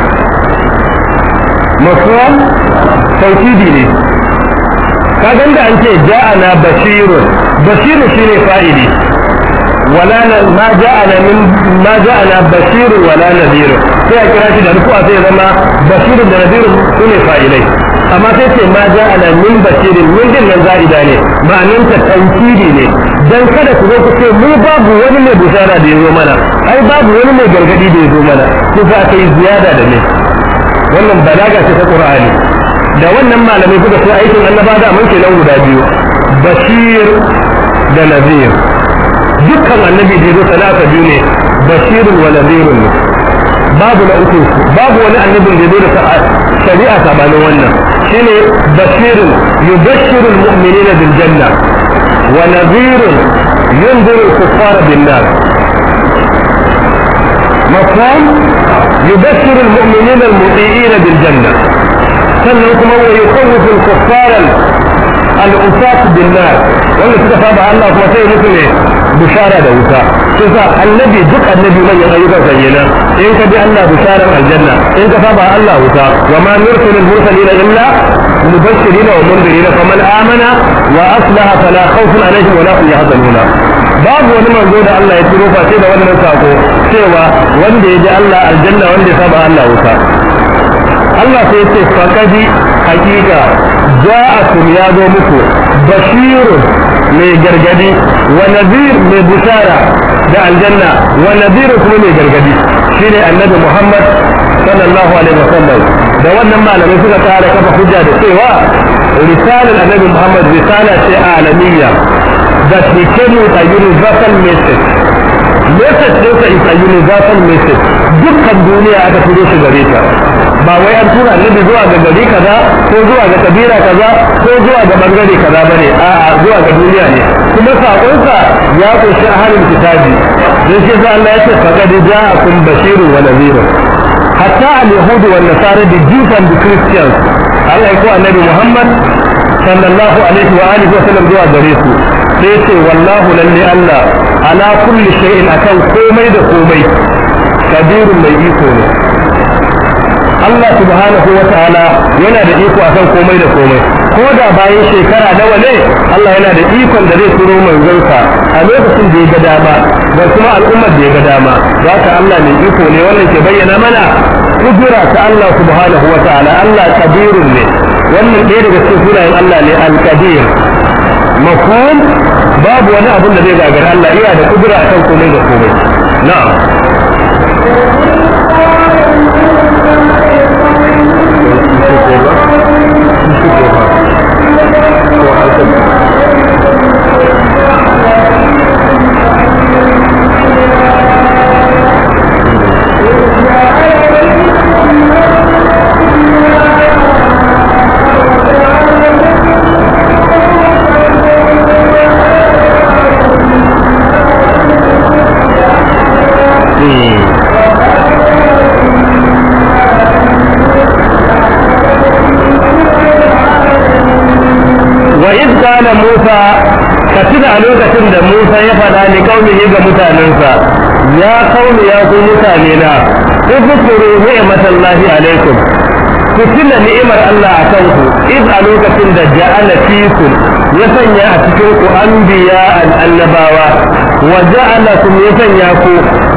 masuwa taukidi ne kagan da an ce ja'ana bashirun bashirun shine fa'ili wala ma ja'ana min ma ja'ana wala nadirun sai a kira shi da rufu'a sai zama bashirun da su ne fa'idai. amma sai ce ma ja ana min basirin min din nan za'ida ne ma'anin ta tankiri ne dan kada ku zo ku ce mu babu wani mai bushara da ya zo mana ai babu wani mai gargadi da ya zo mana ku za ka yi ziyada da ne wannan balaga ce ta qur'ani da wannan malamai kuka so aikin annaba da mun kenan guda biyu bashir da nazir dukkan annabi da ya zo talata biyu ne bashirun wa nazirun ne babu na uku babu wani annabin da ya zo da shari'a sabanin wannan كلمة بشير يبشر المؤمنين بالجنة ونذير ينذر الكفار بالنار مفهوم يبشر المؤمنين المطيعين بالجنة سنكم هو يخوف الكفار الأنفاق بالنار والاستخدام على الله مثل ايه bishara da wuta sai sa annabi duk annabi manyan ayyukan sa kenan in ka bi Allah bisharar aljanna in ka saba Allah wuta wa ma nursilul mursalina illa مبشرين ومنذرين فمن آمن وأصلح فلا خوف عليهم ولا هم يحزنون babu wani manzo da Allah ya turo face da wannan sako cewa wanda ya ji Allah aljanna wanda ya saba Allah wuta Allah sai ce faqadi hakika ja'akum ya zo muku bashirun مي جرجدي ونذير مي بشارة الجنة ونذير كل مي جرجدي النبي محمد صلى الله عليه وسلم دوّن ما لم يسلك تعالى كما خجاد سوى رسالة النبي محمد رسالة عالمية that became a universal message message is a universal message دكتا الدنيا هذا فلوس غريبة ba wai an tura annabi zuwa ga gari kaza ko zuwa ga kabila kaza ko zuwa ga bangare kaza bane a'a zuwa ga duniya ne kuma sakonsa ya kunshi ahalin kitabi dan shi za Allah ya ce faqad ja'akum bashirun wa nadhirun hatta al-yahud wa nasara the Jews and Christians Allah ya ko annabi Muhammad sallallahu alaihi wa alihi wa sallam zuwa gare su sai ce wallahu lalle Allah ala kulli shay'in akan komai da komai kabirun mai iko ne Allah subhanahu wa ta'ala yana da iko a kan komai da komai ko da bayan shekara nawa ne Allah yana da ikon da zai turo manzonsa a lokacin da ya ga dama da kuma al'ummar da ya ga dama zaka Allah mai iko ne wannan ke bayyana mana kudura ta Allah subhanahu wa ta'ala Allah kabirun ne wannan ɗaya daga cikin sunayen Allah ne al-kabir mafhum babu wani abin da zai gagara Allah iya da kudura kan komai da komai na'am faɗa ne kaumihi ga mutanensa ya kauni ya ku mutane na uzkuru ni'matallahi alaikum ku tuna ni'imar Allah a kanku iz a lokacin da ja'ala fikum ya sanya a cikin ku anbiya al annabawa wa ja'alakum ya sanya ku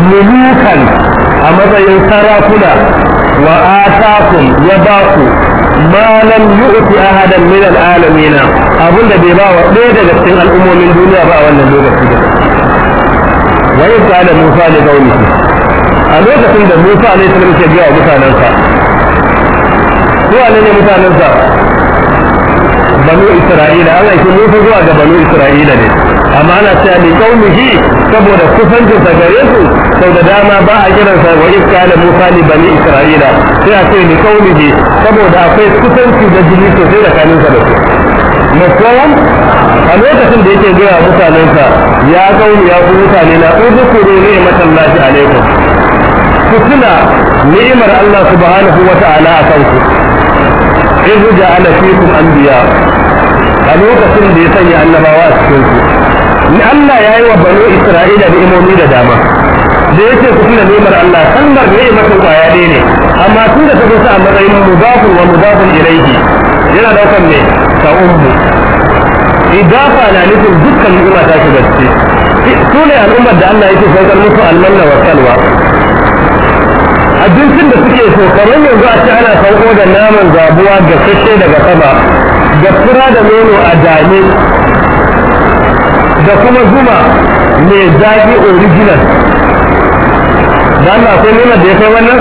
mulukan a matsayin sarakuna wa atakum ya baku ma lam yu'ti ahadan min al alamina abin da bai ba wa ɗaya daga cikin al'ummomin duniya ba a wannan lokaci da wa yin da musa ne ga wani a lokacin da musa ne salam ke biya wa mutanensa ko ne ne mutanensa banu isra'ila an aiki musa zuwa ga banu isra'ila ne amma ana cewa mai kaumihi saboda kusancin sa gare su sau da dama ba a kiran sa wa iska da musa ne bani isra'ila sai a ce mai kaumihi saboda akwai kusanci da jini sosai da kanin sa da su makowan a lokacin da yake gaya mutanensa ya kauni ya ku mutane na ne ni'matan lahi alaikum ku tuna ni'imar Allah subhanahu wa ta'ala a kanku in ja'ala fikum anbiya a lokacin da ya sanya annabawa a cikin ku ni Allah ya yi wa banu Isra'ila ni'imomi da dama da ya ce ku tuna ni'imar Allah kalmar ni'imatin kwaya ne amma tun da ta kusa a matsayin mudafun wa mudafun ilayhi yana daukan ne ka ummu idafa na nufin dukkan ni'ima ta shiga ciki su ne al'ummar da Allah yake saukar musu almanna wa salwa abincin da suke so kamar yanzu a ce ana sauko da naman zabuwa ga sashe daga sama da fura da nono a dame da kuma zuma mai zaƙi original da Allah akwai nuna da ya kai wannan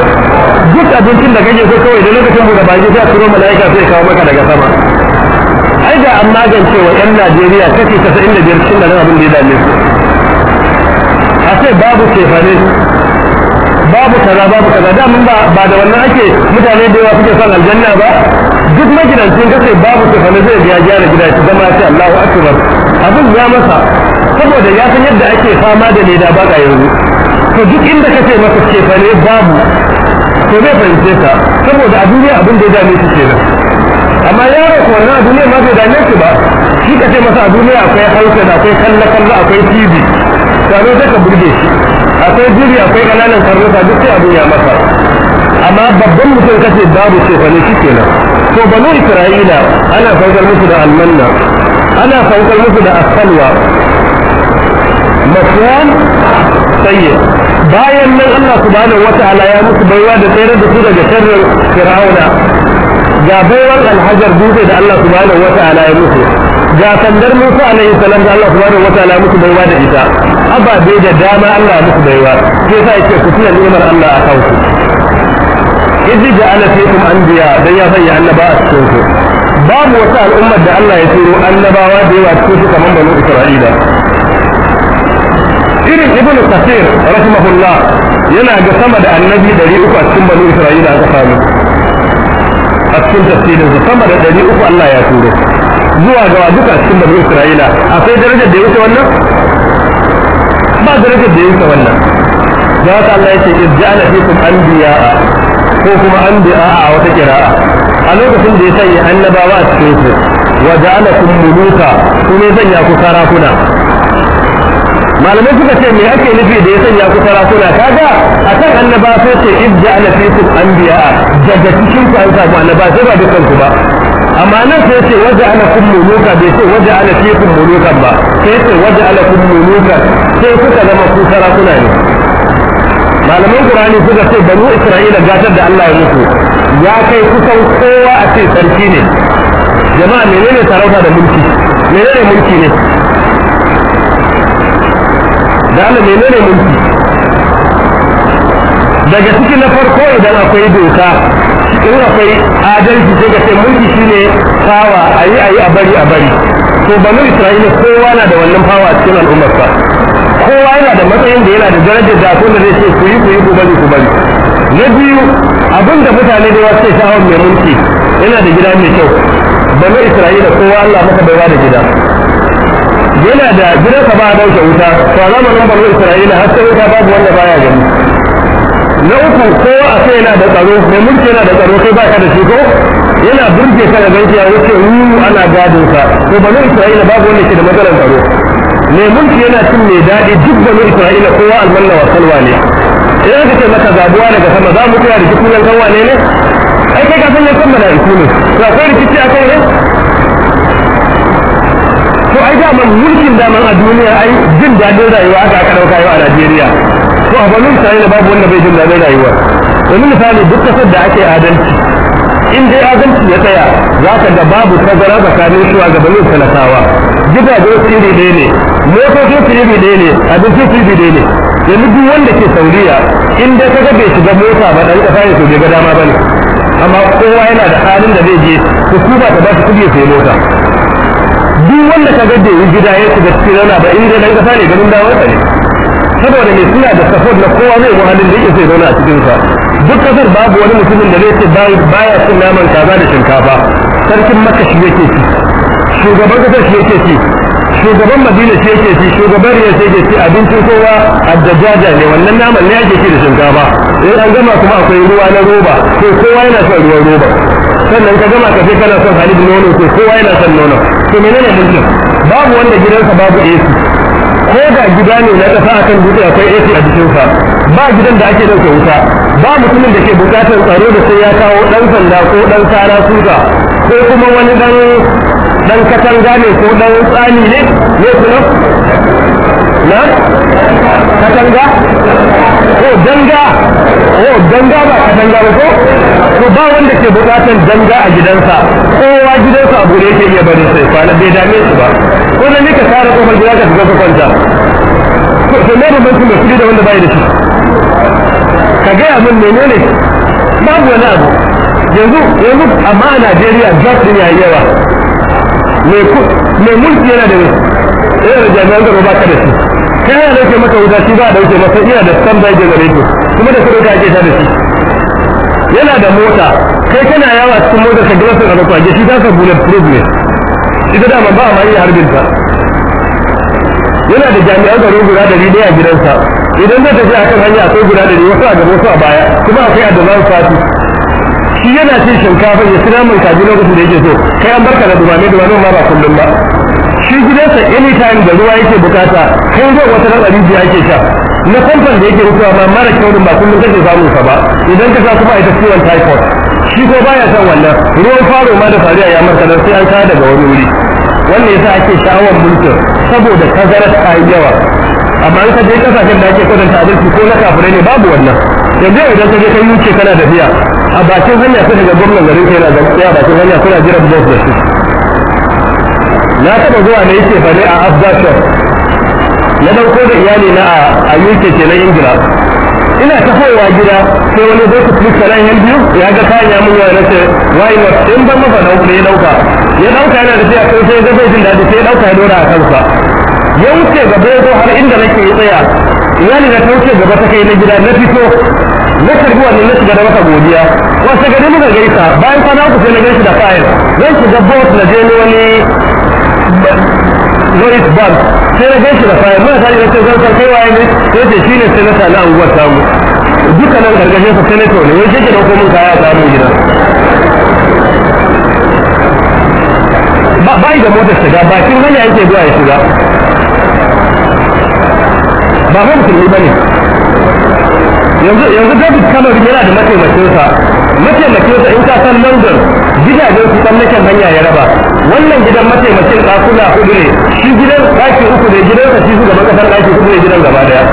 duk abincin da kake so kawai da lokacin buɗe baki sai a turo mala'ika sai kawo maka daga sama da an magance wa 'yan Najeriya kashi biyar cikin da abin da ya dame su. A ce babu kefane, babu kaza babu kaza da mun ba da wannan ake mutane da yawa suke son aljanna ba duk magidancin kace babu kefane zai biya gyara gida shi zama ce Allahu akbar abin ya masa saboda ya san yadda ake fama da leda ba ga yanzu to duk inda kace masa kefane babu to zai fahimce ka saboda a duniya abin da ya dame shi kenan amma yaron ko na a duniya ma bai dame shi ba shi ka ce masa a duniya akwai hausa akwai kalla kalla akwai tv tare da ka burge shi akwai jiri akwai kananan karnuka duk sai a duniya masa amma babban mutum kace babu ce fa ne kenan to banu isra'ila ana saukar musu da almanna ana saukar musu da asalwa mafhum tayyib bayan nan Allah subhanahu wataala ya musu baiwa da tsere da su daga sharrin fir'auna جابوا والله الحجر بوجه ده الله سبحانه وتعالى يموت جاء تندر موسى عليه السلام ده الله سبحانه وتعالى موسى بيوان إيسا أبا بيجا داما الله موسى بيوان كيسا إيسا كتنا الإمر الله أخوك إذ جعل فيكم أنبياء دي يفي أن باء السوك باب وسع الأمة ده الله يسير أن باء ديوا كمان بنو إسرائيل إذن ابن كثير رحمه الله ينعج سمد النبي دليل أكوى إسرائيل أخوك a cikin tafsirin su sama da ɗari uku Allah ya turo zuwa ga duka cikin bani Isra'ila akwai darajar da ya wuce wannan ba darajar da ya wuce wannan da haka Allah ya ce irja'ala fikum anbiya'a ko kuma biya a wata kira'a a lokacin da ya sanya annabawa a cikin su wa ja'alakum muluka kuma ya ku sarakuna malamai suka ce me ake nufi da ya sanya ku sarakuna kaga akan annaba sai ce ibda ana fikum anbiya daga cikin ku an samu annaba sai ba dukkan ku ba amma nan sai ce waje ana kun muluka bai ce waje ana fikum mulukan ba sai ce waje ana kun mulukan sai kuka zama ku sarakuna ne malaman qur'ani suka ce banu isra'ila gatar da Allah ya muku ya kai kusan kowa a ce sarki ne jama'a menene sarauta da mulki menene mulki ne dala menene mulki daga cikin na farko idan akwai doka in akwai adalci sai ka ce mulki shine fawa ayi ayi a bari a bari to banu isra'ila kowa na da wannan fawa a cikin al'ummarsa kowa yana da matsayin da yana da darajar da abin zai ce ku yi ku yi ku bari ku bari na biyu abin da mutane da wasu suke sha'awar mai mulki yana da gida mai kyau banu isra'ila kowa Allah maka bai da gida yana da gidansa ba a wuta to a zamanin baro isra'ila har sai wuta babu wanda baya gani na uku ko a yana da tsaro mai mulki yana da tsaro kai baka da shi ko yana burge ka da ganki a wuce wu ana gadin ka to baro isra'ila babu wanda ke da matsalar tsaro mai mulki yana cin mai daɗi duk baro isra'ila kowa almanna wa salwa ne sai aka ce maka zabuwa daga sama za mu tsaya da kikunan kanwa ne ne ai kai ka san ya san mala'iku ne to akwai rikici kai ne ko ai da man mulkin da man a duniya ai jin dadin rayuwa aka aka dauka yau a Najeriya ko a banin sai da babu wanda bai jin dadin rayuwa domin misali duk kasar da ake adalci in dai adalci ya tsaya za ka ga babu tazara tsakanin shugabannin talakawa gidaje iri ɗaya ne motocin su iri ɗaya ne abinci su iri ɗaya ne yanzu duk wanda ke sauriya in dai kaga bai shiga mota ba dan kasa ya so bai ga dama bane amma kowa yana da halin da zai je hukuma ta ba su kuɗi sai mota duk wanda ka ga da yi gida ya shiga cikin rana ba in dan kasa ne garin dawo ne saboda ne suna da support na kowa zai muhallin da yake sai zauna a cikin sa duk kasar babu wani mutumin da zai ce baya cin naman kaza da shinkafa sarkin maka shi yake ci shugaban kasar shi yake ci shugaban madina shi yake ci shugaban riya shi yake ci abincin kowa addajaja ne wannan naman ne ake ci da shinkafa in an gama kuma akwai ruwa na roba ko kowa yana son ruwan roba sannan ka gama ka je kana son halin nono ko kowa yana son nono to ne mulkin babu wanda gidansa babu AC ko ga gida ne na kasa akan dutse akwai AC a jikinsa ba gidan da ake dauke wuta ba mutumin da ke bukatar tsaro da sai ya kawo dan sanda ko dan sara suka ko kuma wani dan dan katanga ne ko dan tsani ne ne kuma na katanga ko danga ko danga ba katanga ba ko to ba wanda ke bukatan danga a gidansa kowa gidansa abu da yake iya bari sai kwana bai dame su ba ko da ne ka tara kofar gida ka shiga ka kwanta to me da mutum da kudi da wanda bai da shi ka gaya mun menene babu wani abu yanzu yanzu amma a Najeriya job din yayi yawa me mulki yana da yana da jami'an gaba ba ka da shi kai ya dauke maka wuta shi ba dauke maka iya da standby generator kuma da kuɗi ake ta da shi yana da mota kai kana yawa cikin mota ka gina sun rabu kwage shi ta ka bullet proof ne ita dama ba ma iya harbin ta yana da jami'an tsaro guda dari daya a gidansa idan zai tafi akan hanya akwai guda dari wasu a gaba wasu a baya kuma akwai adazan sati shi yana cin shinkafa ya sira mai kaji lokacin da yake so kai an barka da dumame dumame ma ba kullum ba shi gidansa anytime da ruwa yake bukata kai zai wata ran rijiya yake sha na famfan da yake rufewa ba mara kyau ba kullum kake samun sa ba idan ka sa kuma ita ciwon typhoid shi ko baya san wannan ruwan faro ma da fariya ya marka sai an kada daga wani wuri wannan yasa ake sha'awar mulkin saboda tazarar ta yi yawa amma in ka je kasashen da ake kwatanta abinci ko na kafirai ne babu wannan yanzu idan ka je ka yuce kana biya a bakin hanya sai daga gwamnan garin kai na da a bakin hanya suna jiran bus da shi na taba zuwa na yake bane a afghanistan na ɗauko da iyali na a uk ke na ingila ina ta haiwa gida sai wani zai kuɗi karan yan biyu ya ga kayan ya mun yana ce why in ban masa ɗauka ya ɗauka ya ɗauka yana da sai a sai zai bai jin daɗi sai ya ɗauka ya dora a kansa ya wuce gaba ya zo har inda nake tsaya iyali na ta wuce gaba ta kai na gida na fito na karbi wani na shiga da masa godiya wasu gari muka gaisa bayan kwana uku sai na gaisa da fayil zan shiga bot na je wani Morris Bank sai na gaishe da fayar muna tare da ce zan san kai waye ne sai ce shine senator na anguwar tamu duka nan gargashin sa senator ne wai shi ke dauko mun kaya ta mun gida ba bai da motar shiga bakin hanya yake zuwa ya shiga ba ba musulmi bane yanzu yanzu David Cameron yana da mataimakinsa mataimakinsa in ka san London gidajen su tsallaken hanya ya raba wannan gidan mataimakin ɗakuna hudu ne shi gidan ɗaki uku ne gidansa shi gaba kasar ɗaki uku ne gidan gaba daya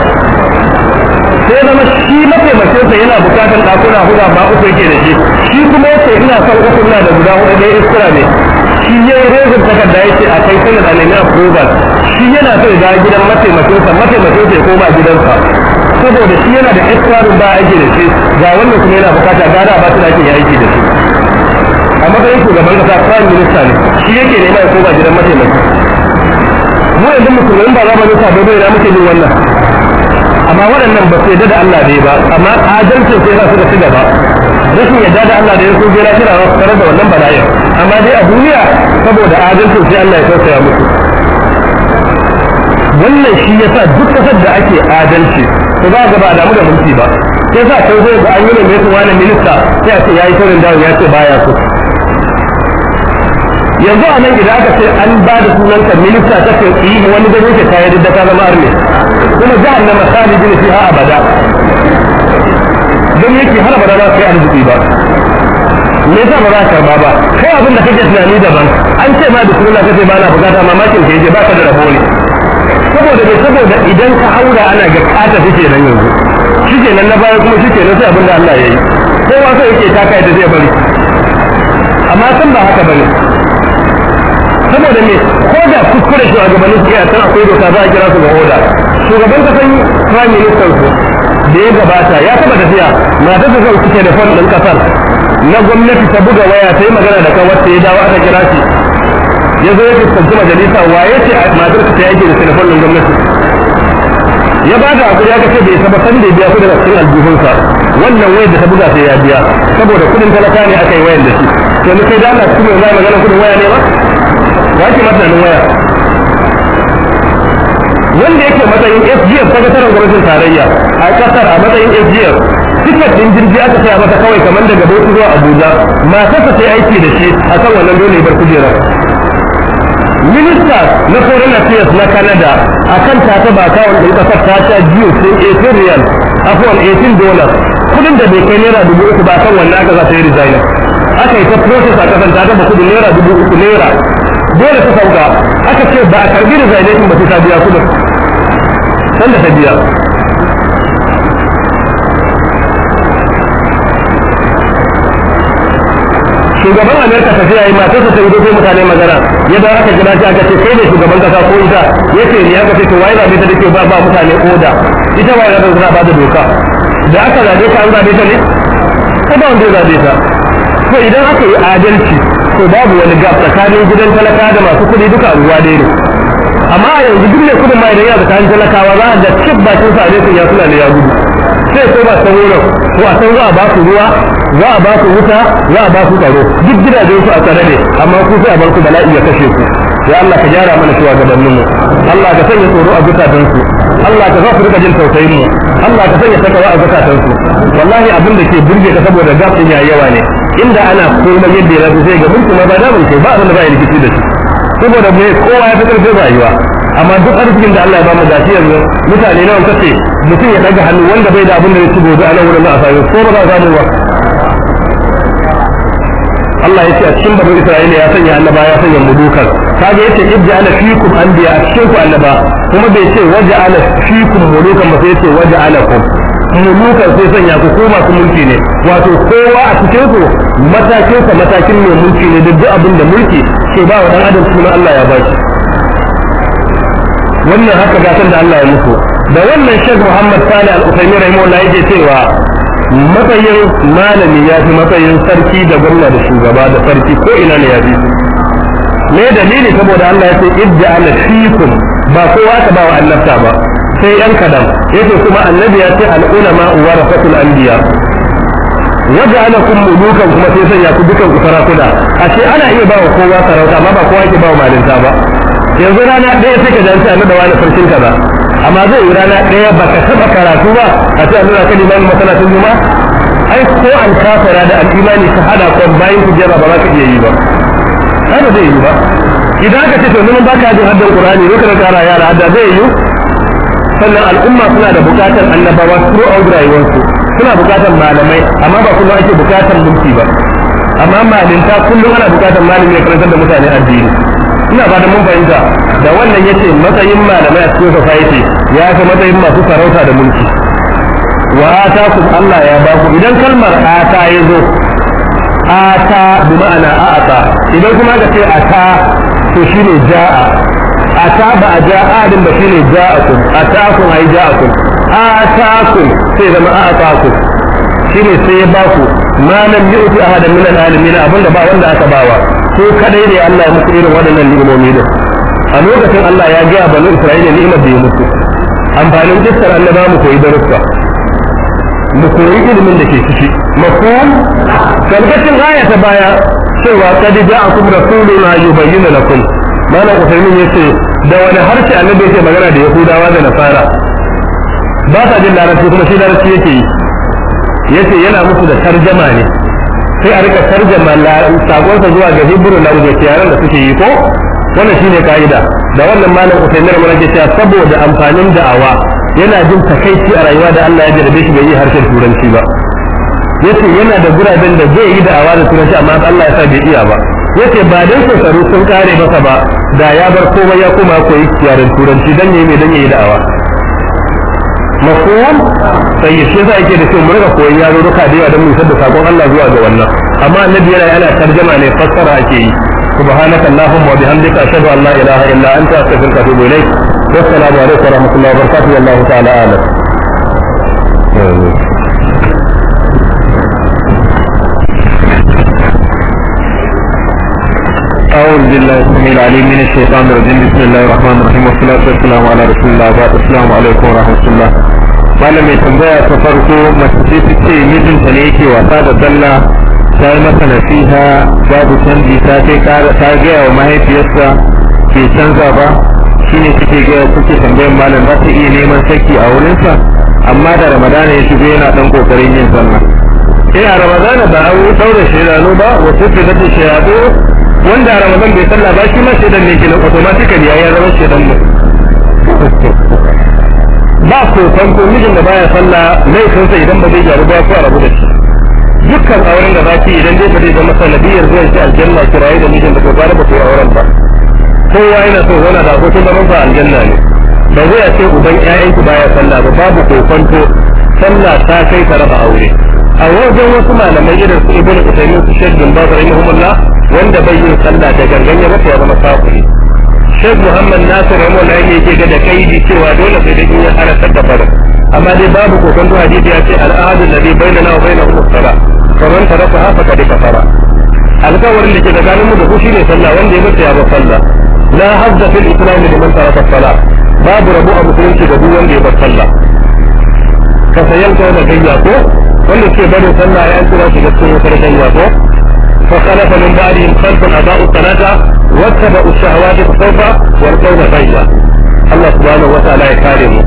sai zama shi mataimakin sa yana bukatar ɗakuna hudu ba uku yake da shi shi kuma yace ina son uku na da guda hudu ɗaya iskura ne shi ya yi rezin takarda ce a kai sanar a nemi approval shi yana son ga gidan mataimakin sa mataimakin sa ya koma gidan sa saboda shi yana da iskarin ba aiki da shi ga wannan kuma yana bukata gara ba su da ake aiki da shi a matsayin shugaban kasa prime minister ne shi yake nema ya koma gidan mataimaki mu yanzu musulmai ba za mu nisa bai bai muke jin wannan amma waɗannan ba su yadda da Allah ne ba amma adalcin sai za su da shiga ba rashin yadda da Allah da ya soje na kira su tare da wannan bala'in amma dai a duniya saboda adalcin sai Allah ya tausaya musu wannan shi sa duk kasar da ake adalci to za ga ba a damu da mulki ba sai sa sai ga an yi ne mai wani minista sai a ce yi saurin dawo ya ce baya so yanzu a nan idan aka ce an ba da sunan ka minista ta ke yi wani da ke ta yadda ta zama arne kuma za a jahannama fi fiha abada don yake har abada ba sai arziki ba me yasa ba za a karba ba kai abin da kake tunani daban an ce ma da sunan ka ce ba na bukata mamakin ka yi ba ka da rabo ne saboda bai saboda idan ka haura ana ga kata take nan yanzu shike nan na baya kuma shike nan sai abin da Allah ya yi kowa sai yake kai yadda zai bari amma san ba haka bane saboda me ko da kuskure gabanin su a can akwai doka za a kira su ga oda shugaban kasan prime minister su da ya gabata ya taba tafiya na ta zan cike da fon ɗin kasar na gwamnati ta buga waya ta yi magana da kan wacce ya dawo aka kira shi ya zo ya fuskanci majalisa waye ce matar ta yake da telefon ɗin gwamnati ya ba da abu ya kace bai saba san da biya kudin cikin aljihunsa wannan wayar da ta buga sai ya biya saboda kudin talaka ne aka yi wayar da shi to ne sai da Allah kuma magana kudin waya ne ba ba shi masanin waya wanda yake matsayin FGF ta kasar gwamnatin tarayya a kasar a matsayin FGF tiket din jirgi aka saya mata kawai kamar daga Bauchi zuwa Abuja matarsa sai aiki da shi a kan wannan dole bar kujera minista na foreign affairs na Canada a kan tata ba kawai ɗin kasar ta sha jiyo sai 18 riyal afuwan 18 dolar kudin da bai kai naira dubu uku ba kan wannan aka za ta yi resign aka yi ta process a kasar ta ba kudin naira dubu uku naira dole ta sauka aka ce ba a karbi da zaidaitin ba sai ta biya kudin sanda ta biya shugaban amerika tafiya yi matarsa ta yi sai mutane magana ya ba aka gina shi aka ce kai ne shugaban kasa ko ita ya ce ne aka ce to waye zabe ta dake ba ba mutane oda ita waye zabe ta ba da doka da aka zabe ta an zabe ta ne ko ba wanda ya zabe ta ko idan aka yi adalci to babu wani gab tsakanin gidan talaka da masu kuɗi duka anguwa dai ne amma a yanzu duk mai kuɗin ma idan ya tsakanin talakawa za a ga cik bakin sa ne sun ya suna ne ya gudu sai ko ba san wurin ko a san za a ba su ruwa za a ba su wuta za a ba su tsaro duk gidajen su a tsare ne amma ku sai a bar ku bala'i ya kashe ku ya Allah ka gyara mana shi wa mu Allah ka sanya tsoro a zukatan su Allah ka zafi rika jin tausayin mu Allah ka sanya takawa a zukatan su wallahi abin da ke burge ka saboda gafin ya yawa ne inda ana komai yadda ya sai ga mulki ma ba da mulki ba abin da ba ya rikici da shi saboda mu kowa ya fi karfin rayuwa amma duk arzikin da Allah ya mu gashi yanzu mutane nawa kace mutum ya daga hannu wanda bai da abin da ya ci gobe a nan wurin a samu ko ba za mu ba Allah ya ce a cikin babu Isra'ila ya sanya annaba ya sanya mudukar kaga yace ibja ala fikum anbiya a cikin ku annaba kuma bai ce waja ala fikum mulukan ba sai yace waja ala kum mulukan sai sanya ku ko masu mulki ne wato kowa a cikin ku matakin sa matakin mai mulki ne duk abin da mulki ke ba wa dan adam suna Allah ya baki wannan haka san da Allah ya muku da wannan Sheikh Muhammad Salih Al-Uthaymeen rahimahullah yake cewa matsayin malami ya fi matsayin sarki da gwamna da shugaba da sarki ko ina ne ya fi me dalili saboda Allah ya ce idda ala ba kowa ka ba wa annabta ba sai yan kadan yake kuma annabi ya ce al ulama warasatul anbiya waja'alakum mulukan kuma sai ya ku dukan ku sarakuna ashe ana iya ba kowa sarauta amma ba kowa yake ba wa malinta ba yanzu rana ɗaya sai ka janci annabi wani ka ba, amma zai yi rana ɗaya ka taɓa karatu ba a ce annabi ka imanin masalatin juma ai ko an kafara da al'imani ka hada kwan bayan ku jira ba za ka iya yi ba kada zai yi ba idan aka ce to nan baka jin haddan qur'ani ne kana kara yara hadda zai yi sannan al'umma suna da bukatar annabawa a rayuwarsu suna bukatar malamai amma ba kuma ake bukatar mulki ba amma malinta kullum ana bukatar malami ya karantar da mutane addini ina ba da mun fahimta da wannan yace matsayin malamai a cikin society ya fi matsayin masu sarauta da mulki wa atakum Allah ya ba ku idan kalmar ata ya zo ata bi ma'ana a'ata idan kuma ka ce ata to shine ja'a ata ba a ja adin ba shine ja'akum atakum ai ja'akum atakum sai zama atakum shine sai ya ba ku ma lam yu'ti ahadan min al-alamin abinda ba wanda aka bawa ko kadai ne Allah ya muku irin waɗannan ni'imomi din a lokacin Allah ya ga banu Isra'ila ni'imar da ya muku amfanin Allah annaba mu koyi darussa mu koyi ilimin da ke ciki mafhum kalbacin ayata ta baya cewa qad ja'akum rasuluna yubayyinu lakum malam usaimin ya ce da wani harshe annabi yake magana da yahudawa da nasara ba sa jin larabci kuma shi larabci yake yi yace yana musu da tarjama ne sai a rika tarjama sakonsa zuwa ga hibiru na rubuce yaran da suke yi ko wannan shine ka'ida da wannan malam usaimin mun ke cewa saboda amfanin da'awa yana jin takaici a rayuwa da Allah ya jarabe shi bai yi harshen turanci ba yace yana da guraben da zai yi da'awa da turanci amma Allah ya sa bai iya ba yake ba dan sa saru sun kare masa ba da ya bar komai ya koma koyi kiyarin turanci dan yayi dan yayi da'awa mafuwan sai ya shi za a da cewa murga koyi yaro duka da yawa dan musar da sakon Allah zuwa ga wannan amma annabi yana ana tarjama ne fassara ake yi subhanaka allahumma wa bihamdika ashhadu an la ilaha illa anta astaghfiruka wa atubu ilayk wassalamu alaikum wa rahmatullahi wa barakatuh wallahu ta'ala a'lam أعوذ بالله mai tambaya ta farko mace ta ce mijinta ne yake wasa da sallah ta yi masa nasiha babu canji ta kara ta gaya wa mahaifiyarsa ke canza ba shine kike gaya kuke tambayar malam za ta iya neman saki a wurinsa amma da ramadana ya shiga yana dan kokarin yin sallah ina ramadana ba a daura shirano ba wasu fitar da shirano wanda ramadan bai sallah ba shi ma shedan ne kenan automatically ya zama shedan ne ba ko ko mijin da baya sallah sai idan ba zai gyaru ba ko rabu da shi dukkan auren da zaki idan dai ba zai zama sanadiyar zuwa shi aljanna kirayi da mijin da ko gara ba ko auren ba kowa yana so zauna da abokin zaman ba aljanna ne ba zai ce uban ƴaƴanki baya sallah ba babu ko kokonto sallah ta kai fara raba aure a wajen wasu malamai irin su ibnu utaymin su shaddun ba rahimahumullah wanda bai yin sallah da gangan ya mata ya zama kafiri Sheikh Muhammad Nasir Ramon ya yake ga da kaidi cewa dole sai da in ya halartar da farin amma dai babu ko kan hadisi ya ce al'adun da bai bayyana wa bayyana kuma sala kamar ta rasa hafa ka duka fara alkawarin da ke tsakanin mu da ku ne sallah wanda ya mata ya ba sallah la hadda fil islam liman taraka sallah. babu rabu a musulunci da duk wanda ya ba sallah ka sayan kawai da gayya ko wanda ke barin sallah ya an tura shi gaskiya sarkan ya ko فخلف من بعدهم خلف أباء الصلاة واتبعوا الشهوات فسوف يلقون غيا الله سبحانه وتعالى يكرمه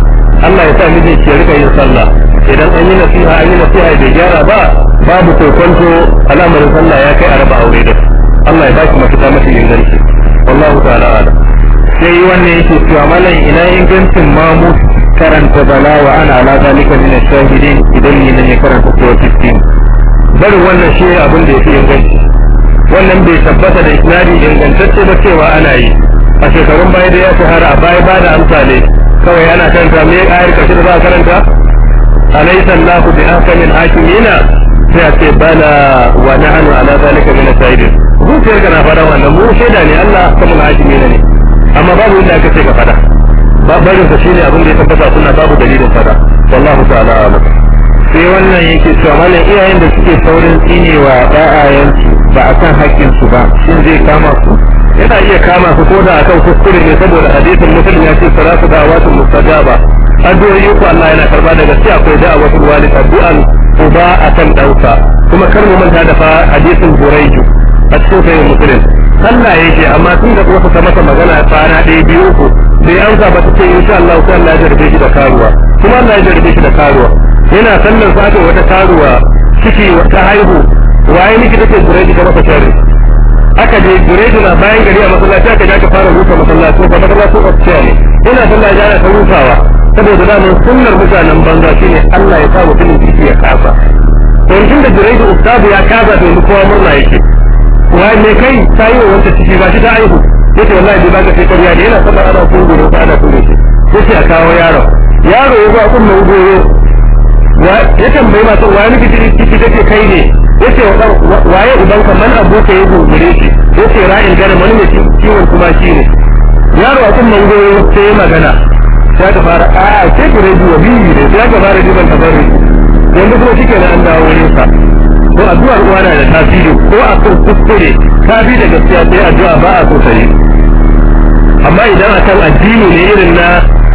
الله يسامي زي شركة يصلى idan an yi nasiha an yi nasiha bai gyara ba babu kokonto al'amarin sallah ya kai a raba aure da Allah ya ba shi mafita inganci wallahu ta'ala sai wannan yake cewa malam ina ingancin mamu karanta bala wa ana ala zalika min shahidin idan ne ya karanta ko 15 barin wannan shi abin da yake inganci wannan bai tabbata da isnadi ingantacce ba cewa ana yi a shekarun baya da ya shahara a baya ba da amsa ne kawai ana karanta me ayar kashi da za a karanta alaysa allahu bi ahkamil hakimina sai a ce bala wa na'anu ala zalika min as-saidin zuciyar ka na fara wannan mu shaida ne Allah kamul hakimina ne amma babu inda aka ce ka fada babarin sa shine abin da ya tabbata suna babu dalilin fada wallahu ta'ala alam sai wannan yake cewa malam iyayen da suke saurin tsinewa ɗa'ayen ba a kan haƙƙinsu ba shin zai kama ku yana iya kama ku ko da a kan kuskure ne saboda hadisin musulun ya ce salatu da wasu mustajaba addu'o'i ku Allah yana karba da gaske akwai da wasu walid addu'an uba akan ɗauka kuma kar mu manta da fa hadisin buraiju a cikin sayin musulun Allah yake amma tun da wasu ta masa magana tsana ɗaya biyu ku bai amsa ba ta ce insha Allah sai Allah ya jarbe shi da karuwa kuma Allah ya jarbe shi da karuwa yana sallar fatin wata karuwa ciki ta haihu waye miki take guredi da masa share aka je guredi na bayan gari a masallaci aka je ka fara rufe masallaci ko masallaci ce ne ina sallah ya ana ta rufawa saboda da mun sunnar mutanen banza shine Allah ya sa mutumin jiki ya kasa to tun da guredi ustadu ya kasa to kowa murna yake waye ne kai sai wanda ciki ba shi ta aihu yace wallahi bai baka sai kariya ne yana sallah ana gure ko ana shi yace a kawo yaro yaro ya ga a kunna ugoyo ya tambayi masu wani bijiri ciki take kai ne yace waye idan ka man abuka yi gure shi yace ra'in gare wani mai ciwon kuma shi ne yaro a kun mango sai magana ya ka fara a ce ku rabi wa biyu ne ya ka fara jiban ka bari yanzu kuma shi kenan an dawo ne sa ko addu'ar uwa na da tasiri ko a kan kuskure ka bi da gaskiya sai addu'a ba a so sai amma idan akan addini ne irin na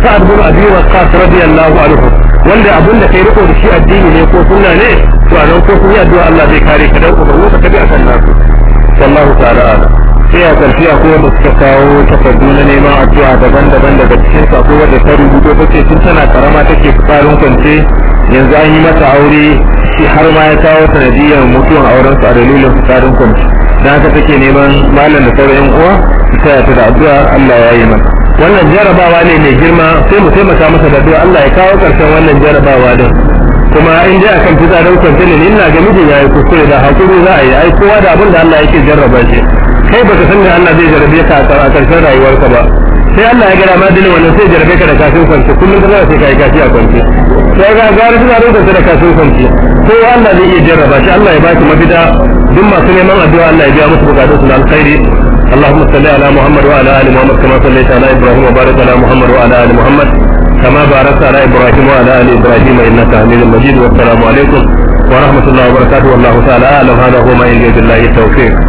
sa'ad bin abi waqqas radiyallahu anhu wanda abin da kai riko da shi addini ne ko sunna ne to a nan ko kun yi addu'a Allah zai kare ka dan umarni ka tabi akan nasu sallahu ta'ala ala sai a karfi a kowa da suka kawo takardu na neman addu'a daban-daban daga cikin su akwai wadda ta rubuto ta ce tun tana karama take fitsarin kwance yanzu an yi mata aure shi har ma ya kawo sanadiyar mutuwar auren su a dalilin fitsarin kwance dan haka take neman malam da sauran yan uwa su taya ta da addu'a Allah ya yi mata wannan jarabawa ne mai girma sai mu taimaka masa da addu'a Allah ya kawo karshen wannan jarabawa din kuma in dai akan fitsarin kwantene ne ina ga mijin yayi kuskure da hakuri za a yi ai kowa da abin da Allah yake jarraba shi kai baka san da Allah zai jarabe ka a karshen rayuwarka ba sai Allah ya gara ma wannan sai jarabe ka da kafin kwanci kullum kana sai kai kafi a kwanci sai ga gara da ka da kafin kwanci ko Allah zai iya jarraba shi Allah ya baki mafita duk masu neman addu'a Allah ya biya musu bukatun su na alkhairi اللهم صل على محمد وعلى ال محمد كما صليت على ابراهيم وبارك على محمد وعلى ال محمد كما باركت على ابراهيم وعلى ال ابراهيم انك حميد مجيد والسلام عليكم ورحمه الله وبركاته والله تعالى اعلم هذا هو ما يلي بالله التوفيق